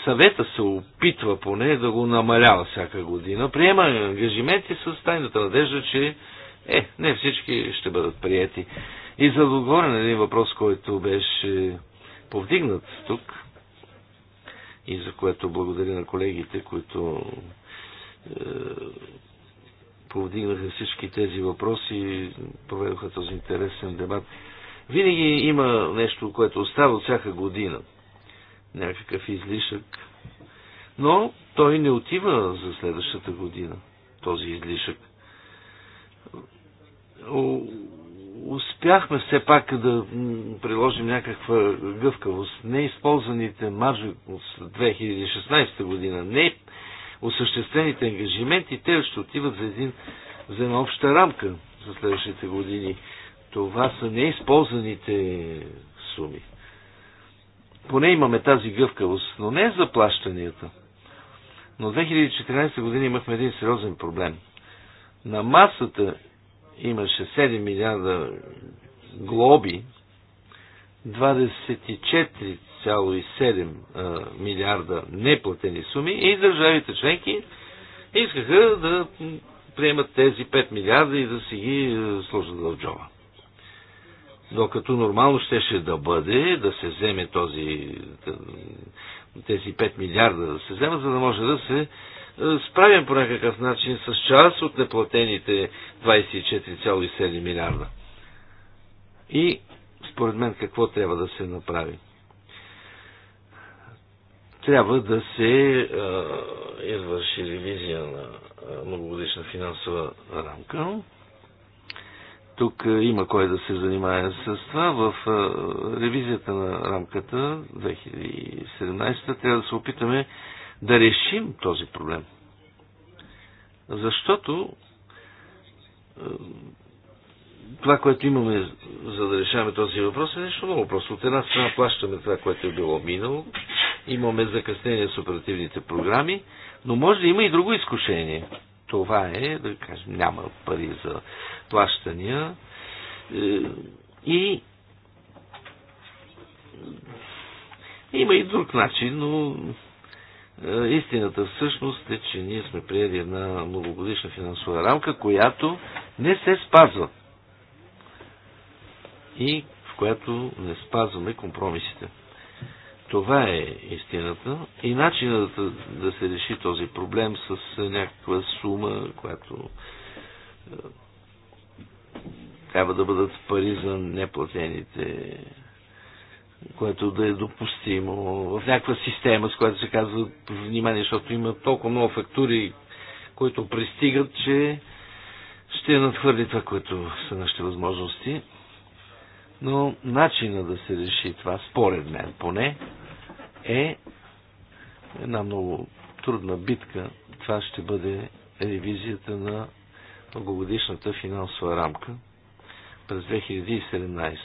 съвета се опитва поне да го намалява всяка година. Приема ангажименти с тайната надежда, че е, не всички ще бъдат приети. И за да отговоря на един въпрос, който беше повдигнат тук, и за което благодаря на колегите, които е, повдигнаха всички тези въпроси и проведоха този интересен дебат. Винаги има нещо, което остава от всяка година. Някакъв излишък. Но той не отива за следващата година, този излишък успяхме все пак да приложим някаква гъвкавост. Неизползваните маржи от 2016 година, не осъществените ангажименти, те ще отиват за, един, за една обща рамка за следващите години. Това са неизползваните суми. Поне имаме тази гъвкавост, но не за плащанията. Но 2014 година имахме един сериозен проблем. На масата имаше 7 милиарда глоби, 24,7 милиарда неплатени суми и държавите членки искаха да приемат тези 5 милиарда и да си ги сложат в джоба. Докато нормално щеше да бъде да се вземе този, тези 5 милиарда да се вземат, за да може да се е, справим по някакъв начин с част от неплатените 24,7 милиарда. И според мен какво трябва да се направи? Трябва да се е, извърши ревизия на е, многогодишна финансова рамка. Тук има кой да се занимае с това. В ревизията на рамката 2017 трябва да се опитаме да решим този проблем. Защото е, това, което имаме за да решаваме този въпрос е нещо много просто. От една страна плащаме това, което е било минало, имаме закъснение с оперативните програми, но може да има и друго изкушение. Това е, да кажем, няма пари за плащания е, и има и друг начин, но е, истината всъщност е, че ние сме приели една многогодишна финансова рамка, която не се спазва и в която не спазваме компромисите. Това е истината и начинът да се реши този проблем с някаква сума, която е, трябва да бъдат пари за неплатените което да е допустимо в някаква система, с която се казва внимание, защото има толкова много фактури, които пристигат, че ще надхвърли това, което са нашите възможности. Но начина да се реши това, според мен поне, е една много трудна битка. Това ще бъде ревизията на многогодишната финансова рамка през 2017.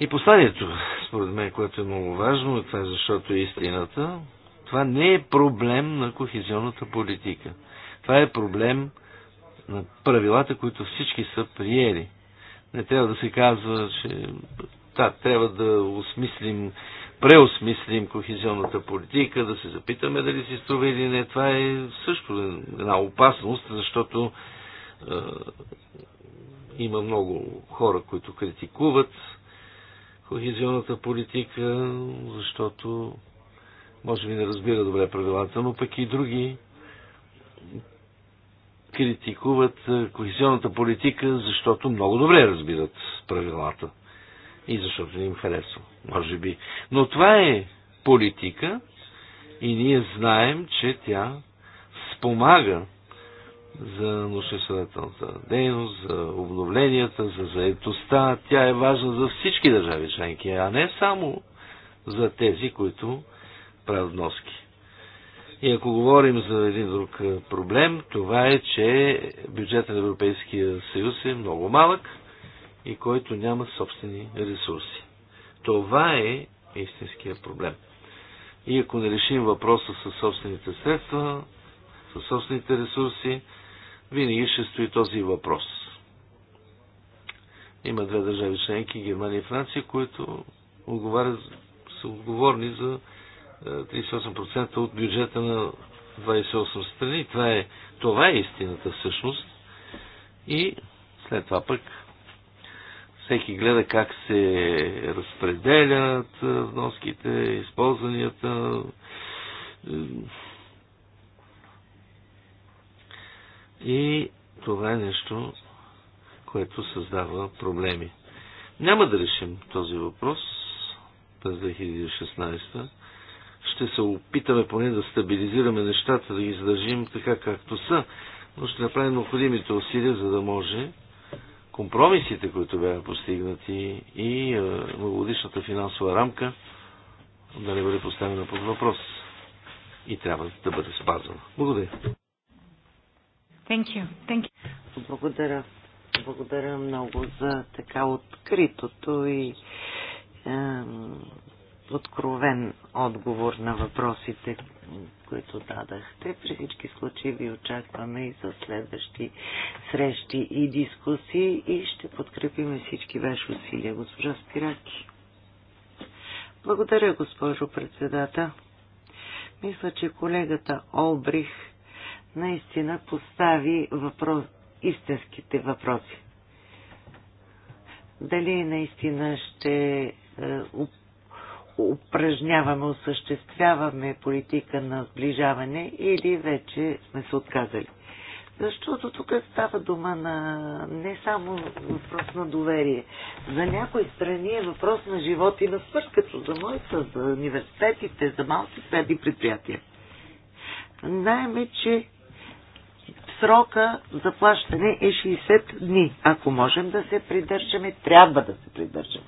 И последието, според мен, което е много важно, това е защото е истината, това не е проблем на кохезионната политика. Това е проблем на правилата, които всички са приели. Не трябва да се казва, че да, трябва да осмислим, преосмислим кохезионната политика, да се запитаме дали си струва или не. Това е също една опасност, защото е, има много хора, които критикуват кохезионната политика, защото може би не разбира добре правилата, но пък и други критикуват е, кохезионната политика, защото много добре разбират правилата и защото им харесва, може би. Но това е политика и ние знаем, че тя спомага за научно-изследователната дейност, за обновленията, за заедостта. Тя е важна за всички държави членки, а не само за тези, които правят вноски. И ако говорим за един друг е, проблем, това е, че бюджетът на Европейския съюз е много малък и който няма собствени ресурси. Това е истинския проблем. И ако не решим въпроса със собствените средства, със собствените ресурси, винаги ще стои този въпрос. Има две държави членки, Германия и Франция, които отговарят, са отговорни за 38% е, от бюджета на 28 страни. Това е, това е истината всъщност. И след това пък всеки гледа как се разпределят е, вноските, използванията, е, И това е нещо, което създава проблеми. Няма да решим този въпрос през 2016. Ще се опитаме поне да стабилизираме нещата, да ги задържим така както са, но ще направим необходимите усилия, за да може компромисите, които бяха постигнати и е, многогодишната финансова рамка да не бъде поставена под въпрос и трябва да бъде спазвана. Благодаря. Thank you. Thank you. Благодаря. Благодаря много за така откритото и е, откровен отговор на въпросите, които дадахте. При всички случаи ви очакваме и за следващи срещи и дискусии и ще подкрепим всички ваши усилия, госпожа Спираки. Благодаря, госпожо председател. Мисля, че колегата Олбрих наистина постави въпрос, истинските въпроси. Дали наистина ще е, упражняваме, осъществяваме политика на сближаване или вече сме се отказали. Защото тук става дума на не само въпрос на доверие. За някои страни е въпрос на живот и на смърт, като за моята, за университетите, за малки среди предприятия. Знаеме, че срока за плащане е 60 дни. Ако можем да се придържаме, трябва да се придържаме.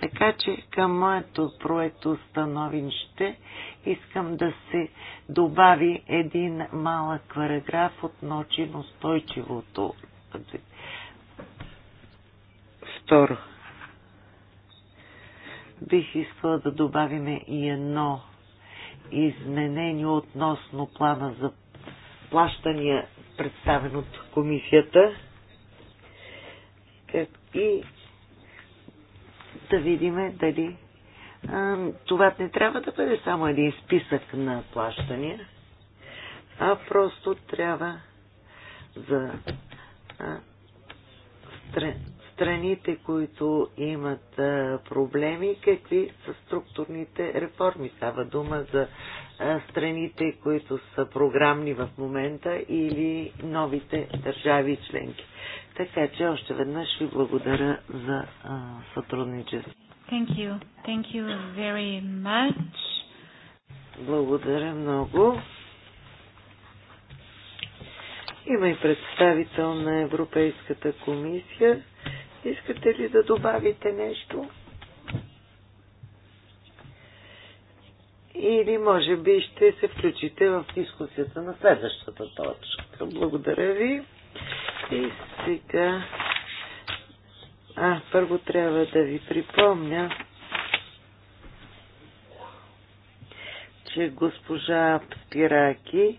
Така че към моето проекто становище искам да се добави един малък параграф относно устойчивото. Второ. Бих искала да добавиме и едно изменение относно плана за плащания, представен от комисията. И да видим дали това не трябва да бъде само един списък на плащания, а просто трябва за страните, които имат проблеми, какви са структурните реформи. Става дума за страните, които са програмни в момента или новите държави членки. Така че още веднъж ви благодаря за а, сътрудничество. Thank you. Thank you very much. Благодаря много. Има и представител на Европейската комисия. Искате ли да добавите нещо? или може би ще се включите в дискусията на следващата точка. Благодаря ви. И сега... А, първо трябва да ви припомня, че госпожа Спираки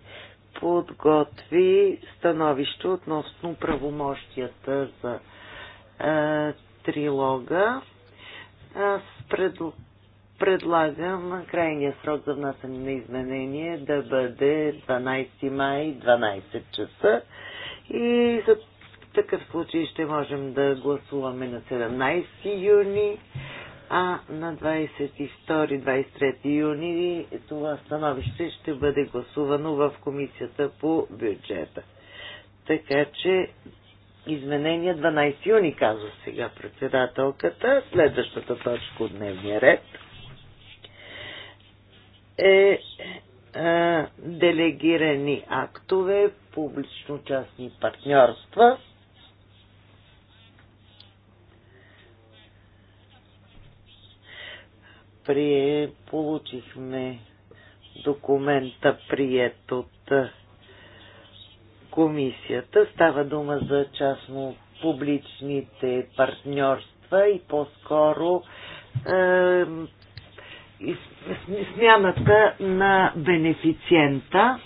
подготви становище относно правомощията за е, трилога. Аз предлагам предлагам крайния срок за внасяне на изменение да бъде 12 май 12 часа и за такъв случай ще можем да гласуваме на 17 юни, а на 22-23 юни това становище ще бъде гласувано в комисията по бюджета. Така че изменение 12 юни, казва сега председателката, следващата точка от дневния ред – е а, е, делегирани актове, публично-частни партньорства. Прие, получихме документа, прият от е, комисията. Става дума за частно-публичните партньорства и по-скоро е, смяната на бенефициента.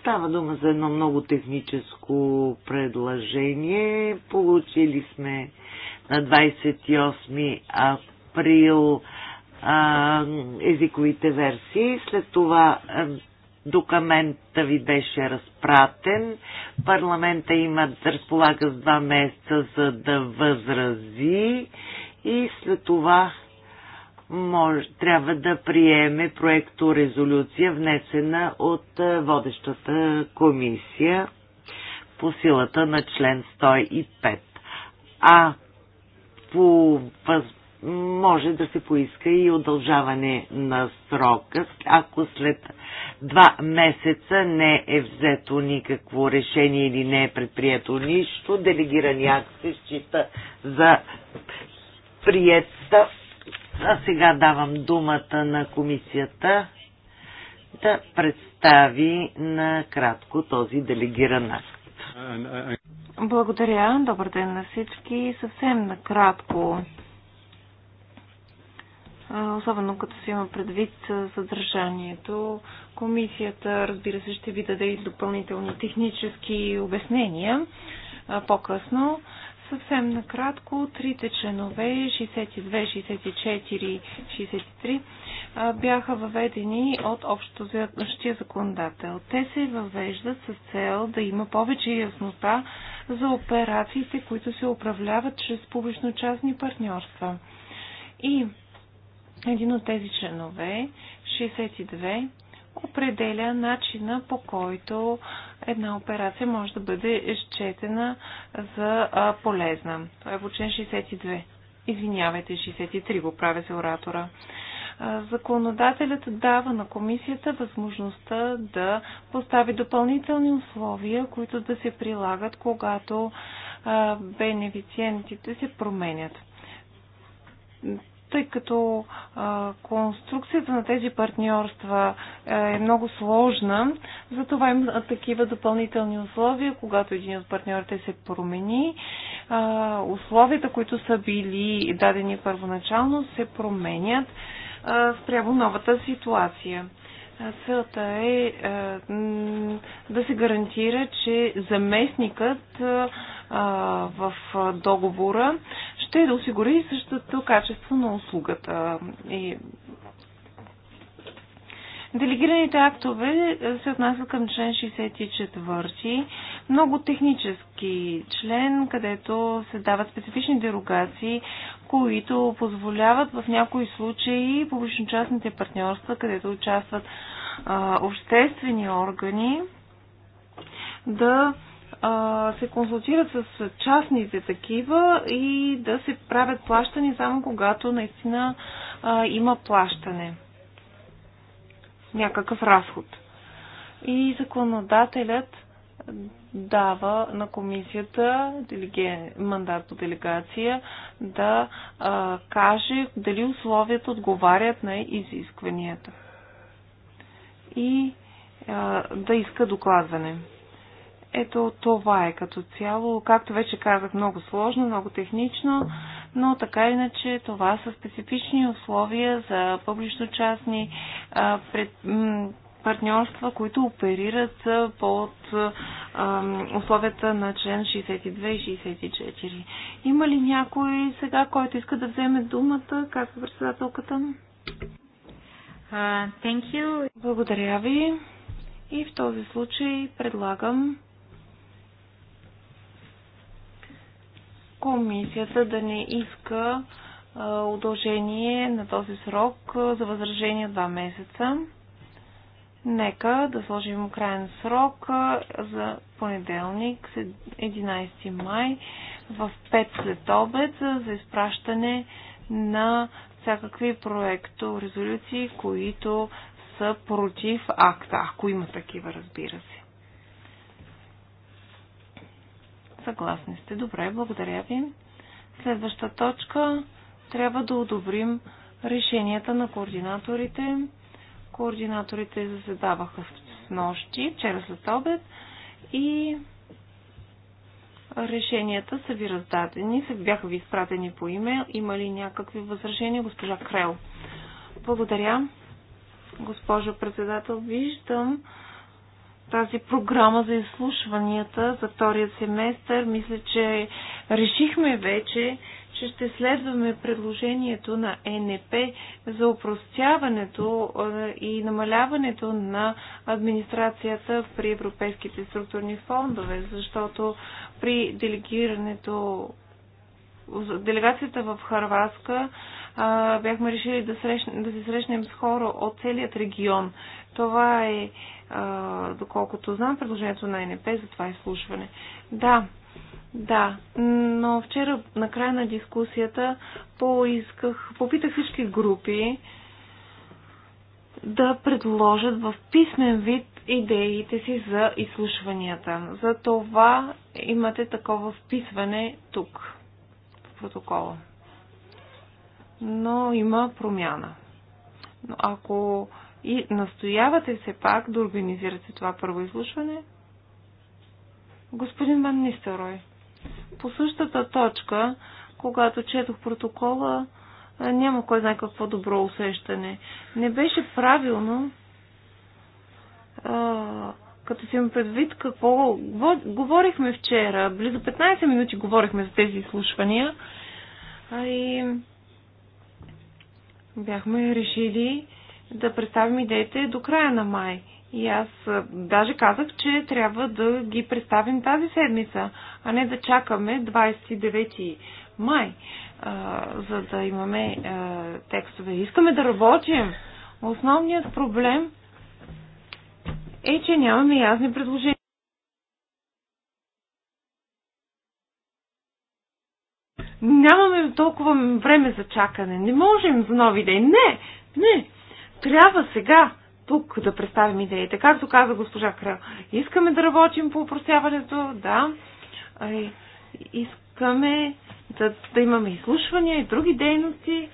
Става дума за едно много техническо предложение. Получили сме на 28 април а, езиковите версии. След това документа ви беше разпратен. Парламента има да разполага с два месеца, за да възрази и след това може, трябва да приеме проекто резолюция, внесена от е, водещата комисия по силата на член 105. А по въз... може да се поиска и удължаване на срока, ако след два месеца не е взето никакво решение или не е предприето нищо. Делегирани акт се счита за приятта. А сега давам думата на комисията да представи накратко този делегиран акт. Благодаря. Добър ден на всички. Съвсем накратко особено като се има предвид съдържанието. Комисията, разбира се, ще ви даде и допълнителни технически обяснения по-късно. Съвсем накратко, трите членове 62, 64, 63 бяха въведени от общото общия законодател. Те се въвеждат с цел да има повече яснота за операциите, които се управляват чрез публично-частни партньорства. И един от тези членове, 62, определя начина по който една операция може да бъде изчетена за полезна. Това е в член 62. Извинявайте, 63 го правя за оратора. Законодателят дава на комисията възможността да постави допълнителни условия, които да се прилагат, когато бенефициентите се променят тъй като а, конструкцията на тези партньорства е, е много сложна, затова има такива допълнителни условия, когато един от партньорите се промени, а, условията, които са били дадени първоначално, се променят а, спрямо новата ситуация. Целта е да се гарантира, че заместникът в договора ще е да осигури същото качество на услугата. И Делегираните актове се отнасят към член 64, много технически член, където се дават специфични дерогации, които позволяват в някои случаи публично-частните партньорства, където участват а, обществени органи, да а, се консултират с частните такива и да се правят плащани само когато наистина а, има плащане. Някакъв разход. И законодателят дава на комисията делеге, мандат по делегация да а, каже дали условията отговарят на изискванията и а, да иска докладване. Ето това е като цяло. Както вече казах, много сложно, много технично, но така иначе това са специфични условия за публично-частни пред, партньорства, които оперират под условията на член 62 и 64. Има ли някой сега, който иска да вземе думата, както председателката? Uh, thank you. Благодаря ви. И в този случай предлагам комисията да не иска удължение на този срок за възражение два месеца. Нека да сложим крайен срок за понеделник, 11 май, в 5 след обед за изпращане на всякакви проекто резолюции, които са против акта, ако има такива, разбира се. Съгласни сте. Добре, благодаря ви. Следваща точка. Трябва да одобрим решенията на координаторите. Координаторите заседаваха с нощи, вчера след обед и решенията са ви раздадени, са бяха ви изпратени по имейл. Има ли някакви възражения, госпожа Крел? Благодаря. Госпожо председател, виждам, тази програма за изслушванията за втория семестър. Мисля, че решихме вече, че ще следваме предложението на ЕНП за упростяването и намаляването на администрацията при европейските структурни фондове, защото при делегирането делегацията в Харватска бяхме решили да, срещ, да се срещнем с хора от целият регион. Това е а, доколкото знам, предложението на НП за това изслушване. Да, да, но вчера на края на дискусията поисках, попитах всички групи да предложат в писмен вид идеите си за изслушванията. За това имате такова вписване тук, в протокола. Но има промяна. Но ако и настоявате се пак да организирате това първо изслушване? Господин Ван Нистерой, по същата точка, когато четох протокола, е, няма кой знае какво добро усещане. Не беше правилно, а, като си им предвид какво говорихме вчера, близо 15 минути говорихме за тези изслушвания а и бяхме решили, да представим идеите до края на май. И аз даже казах, че трябва да ги представим тази седмица, а не да чакаме 29 май, а, за да имаме а, текстове. Искаме да работим. Основният проблем е, че нямаме ясни предложения. Нямаме толкова време за чакане. Не можем за нови идеи. Не, не трябва сега тук да представим идеите. Както каза госпожа Крел, искаме да работим по упростяването, да, искаме да, да имаме изслушвания и други дейности.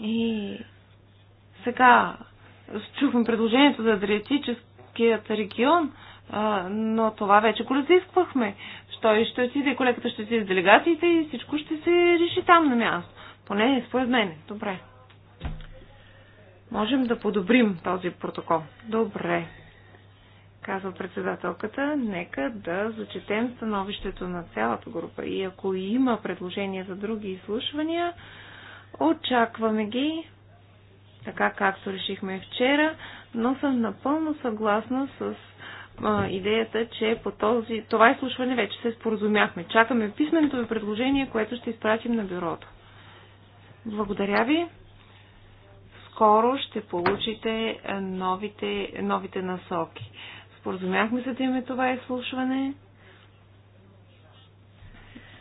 И сега чухме предложението за Адриатическият регион, а, но това вече го разисквахме. Що и ще отиде, колегата ще отиде с делегациите и всичко ще се реши там на място. Поне според мен. Добре. Можем да подобрим този протокол. Добре. Казва председателката, нека да зачетем становището на цялата група. И ако има предложения за други изслушвания, очакваме ги, така както решихме вчера, но съм напълно съгласна с а, идеята, че по този, това изслушване вече се споразумяхме. Чакаме писменото ви предложение, което ще изпратим на бюрото. Благодаря ви. Скоро ще получите е, новите, новите насоки. Споразумяхме се да имаме това изслушване.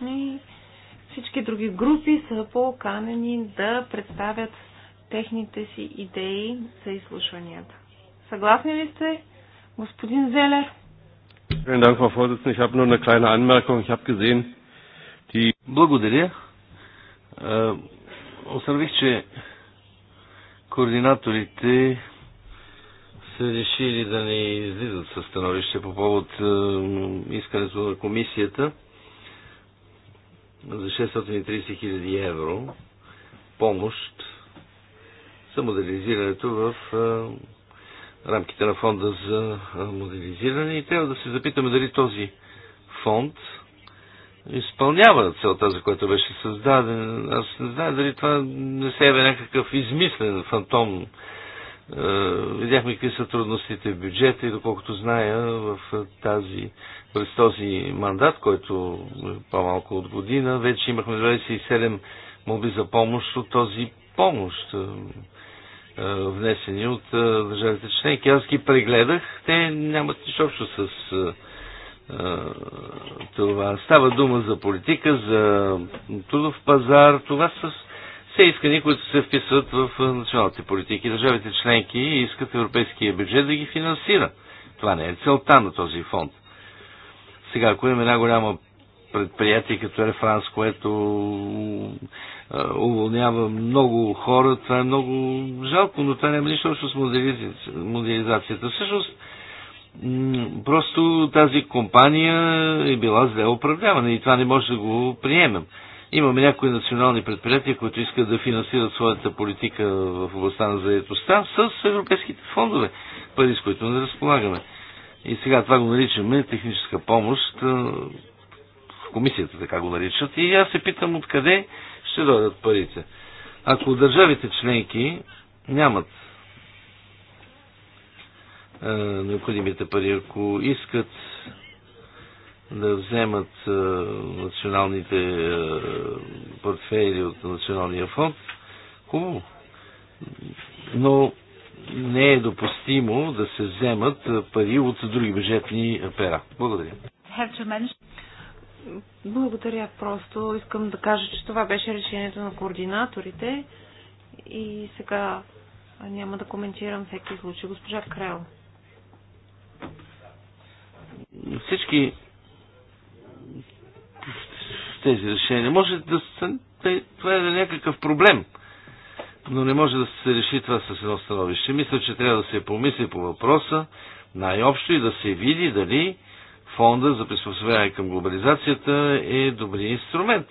И всички други групи са поканени да представят техните си идеи за изслушванията. Съгласни ли сте, господин Зелер? Благодаря. Е, установих, че координаторите са решили да не излизат със становище по повод е, искането на комисията за 630 хиляди евро помощ за моделизирането в е, рамките на фонда за е, моделизиране и трябва да се запитаме дали този фонд изпълнява целта, за която беше създаден. Аз не знам дали това не се е някакъв измислен фантом. Е, видяхме какви са трудностите в бюджета и доколкото зная в тази, през този мандат, който е по-малко от година, вече имахме 27 моби за помощ от този помощ е, е, внесени от държавите членки. Аз ги прегледах, те нямат нищо общо с това. Става дума за политика, за трудов пазар. Това са все искани, които се вписват в националните политики. Държавите членки искат европейския бюджет да ги финансира. Това не е целта на този фонд. Сега, ако имаме една голяма предприятие като Air France, което уволнява много хора, това е много жалко, но това няма нищо общо с модернизацията. Всъщност, просто тази компания е била зле управлявана и това не може да го приемем. Имаме някои национални предприятия, които искат да финансират своята политика в областта на заедостта с европейските фондове, пари с които не разполагаме. И сега това го наричаме техническа помощ, в комисията така го наричат, и аз се питам откъде ще дойдат парите. Ако държавите членки нямат необходимите пари. Ако искат да вземат националните портфели от Националния фонд, хубаво. Но не е допустимо да се вземат пари от други бюджетни пера. Благодаря. Благодаря. Просто искам да кажа, че това беше решението на координаторите и сега няма да коментирам всеки случай. Госпожа Крел всички тези решения. Може да се... това е някакъв проблем, но не може да се реши това с едно становище. Мисля, че трябва да се помисли по въпроса най-общо и да се види дали фонда за приспособяване към глобализацията е добрия инструмент.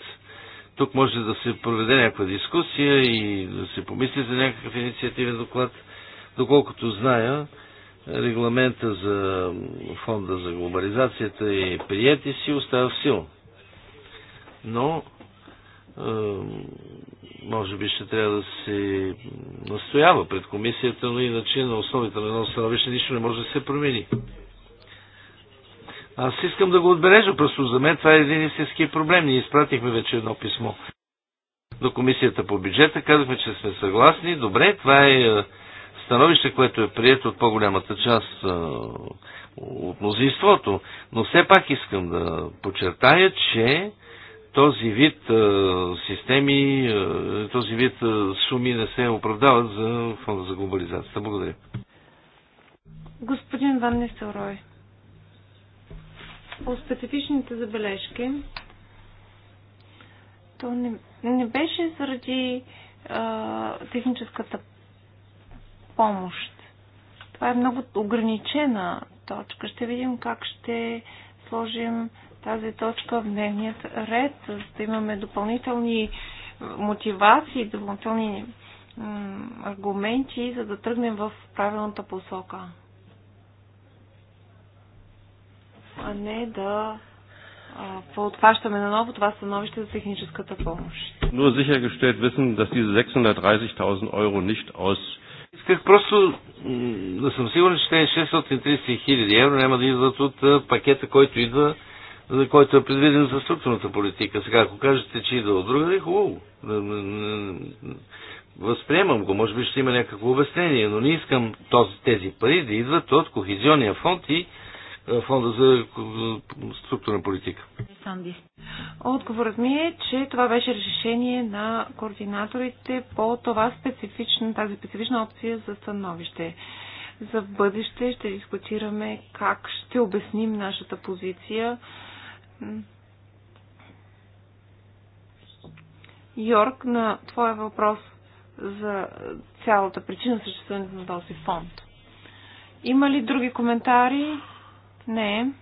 Тук може да се проведе някаква дискусия и да се помисли за някакъв инициативен доклад. Доколкото зная, регламента за фонда за глобализацията е прият и си остава в сил. Но е, може би ще трябва да се настоява пред комисията, но иначе на основите на едно становище нищо не може да се промени. Аз искам да го отбележа, просто за мен това е един истински проблем. Ние изпратихме вече едно писмо до комисията по бюджета, казахме, че сме съгласни, добре, това е, е становище, което е прието от по-голямата част от мнозинството. Но все пак искам да подчертая, че този вид системи, този вид суми не се оправдават за фонда за глобализацията. Благодаря. Господин Ван Несторой, по специфичните забележки, то не, не беше заради а, техническата помощ. Това е много ограничена точка. Ще видим как ще сложим тази точка в дневният ред, за да имаме допълнителни мотивации, допълнителни аргументи, за да тръгнем в правилната посока. А не да поотващаме на ново това становище за техническата помощ. Но Nur sichergestellt wissen, dass diese 630.000 Euro nicht aus Исках просто да съм сигурен, че тези 630 хиляди евро няма да идват от пакета, който идва, за който е предвиден за структурната политика. Сега, ако кажете, че идва от друга, е хубаво. Възприемам го, може би ще има някакво обяснение, но не искам този, тези пари да идват от Кохизионния фонд и е, фонда за е, структурна политика? Отговорът ми е, че това беше решение на координаторите по това специфична, тази специфична опция за становище. За бъдеще ще дискутираме как ще обясним нашата позиция. Йорк, на твоя въпрос за цялата причина съществуването на този фонд. Има ли други коментари? Не.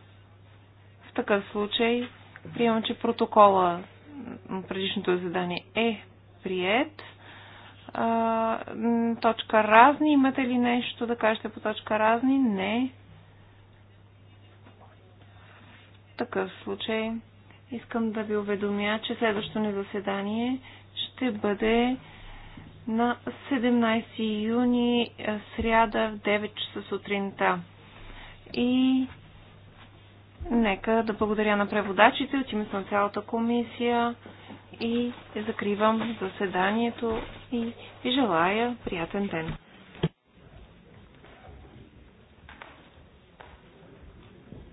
В такъв случай приемам, че протокола на предишното задание е прият. точка разни. Имате ли нещо да кажете по точка разни? Не. В такъв случай искам да ви уведомя, че следващото ни заседание ще бъде на 17 юни, сряда в 9 часа сутринта. И Нека да благодаря на преводачите от името на цялата комисия и закривам заседанието и желая приятен ден.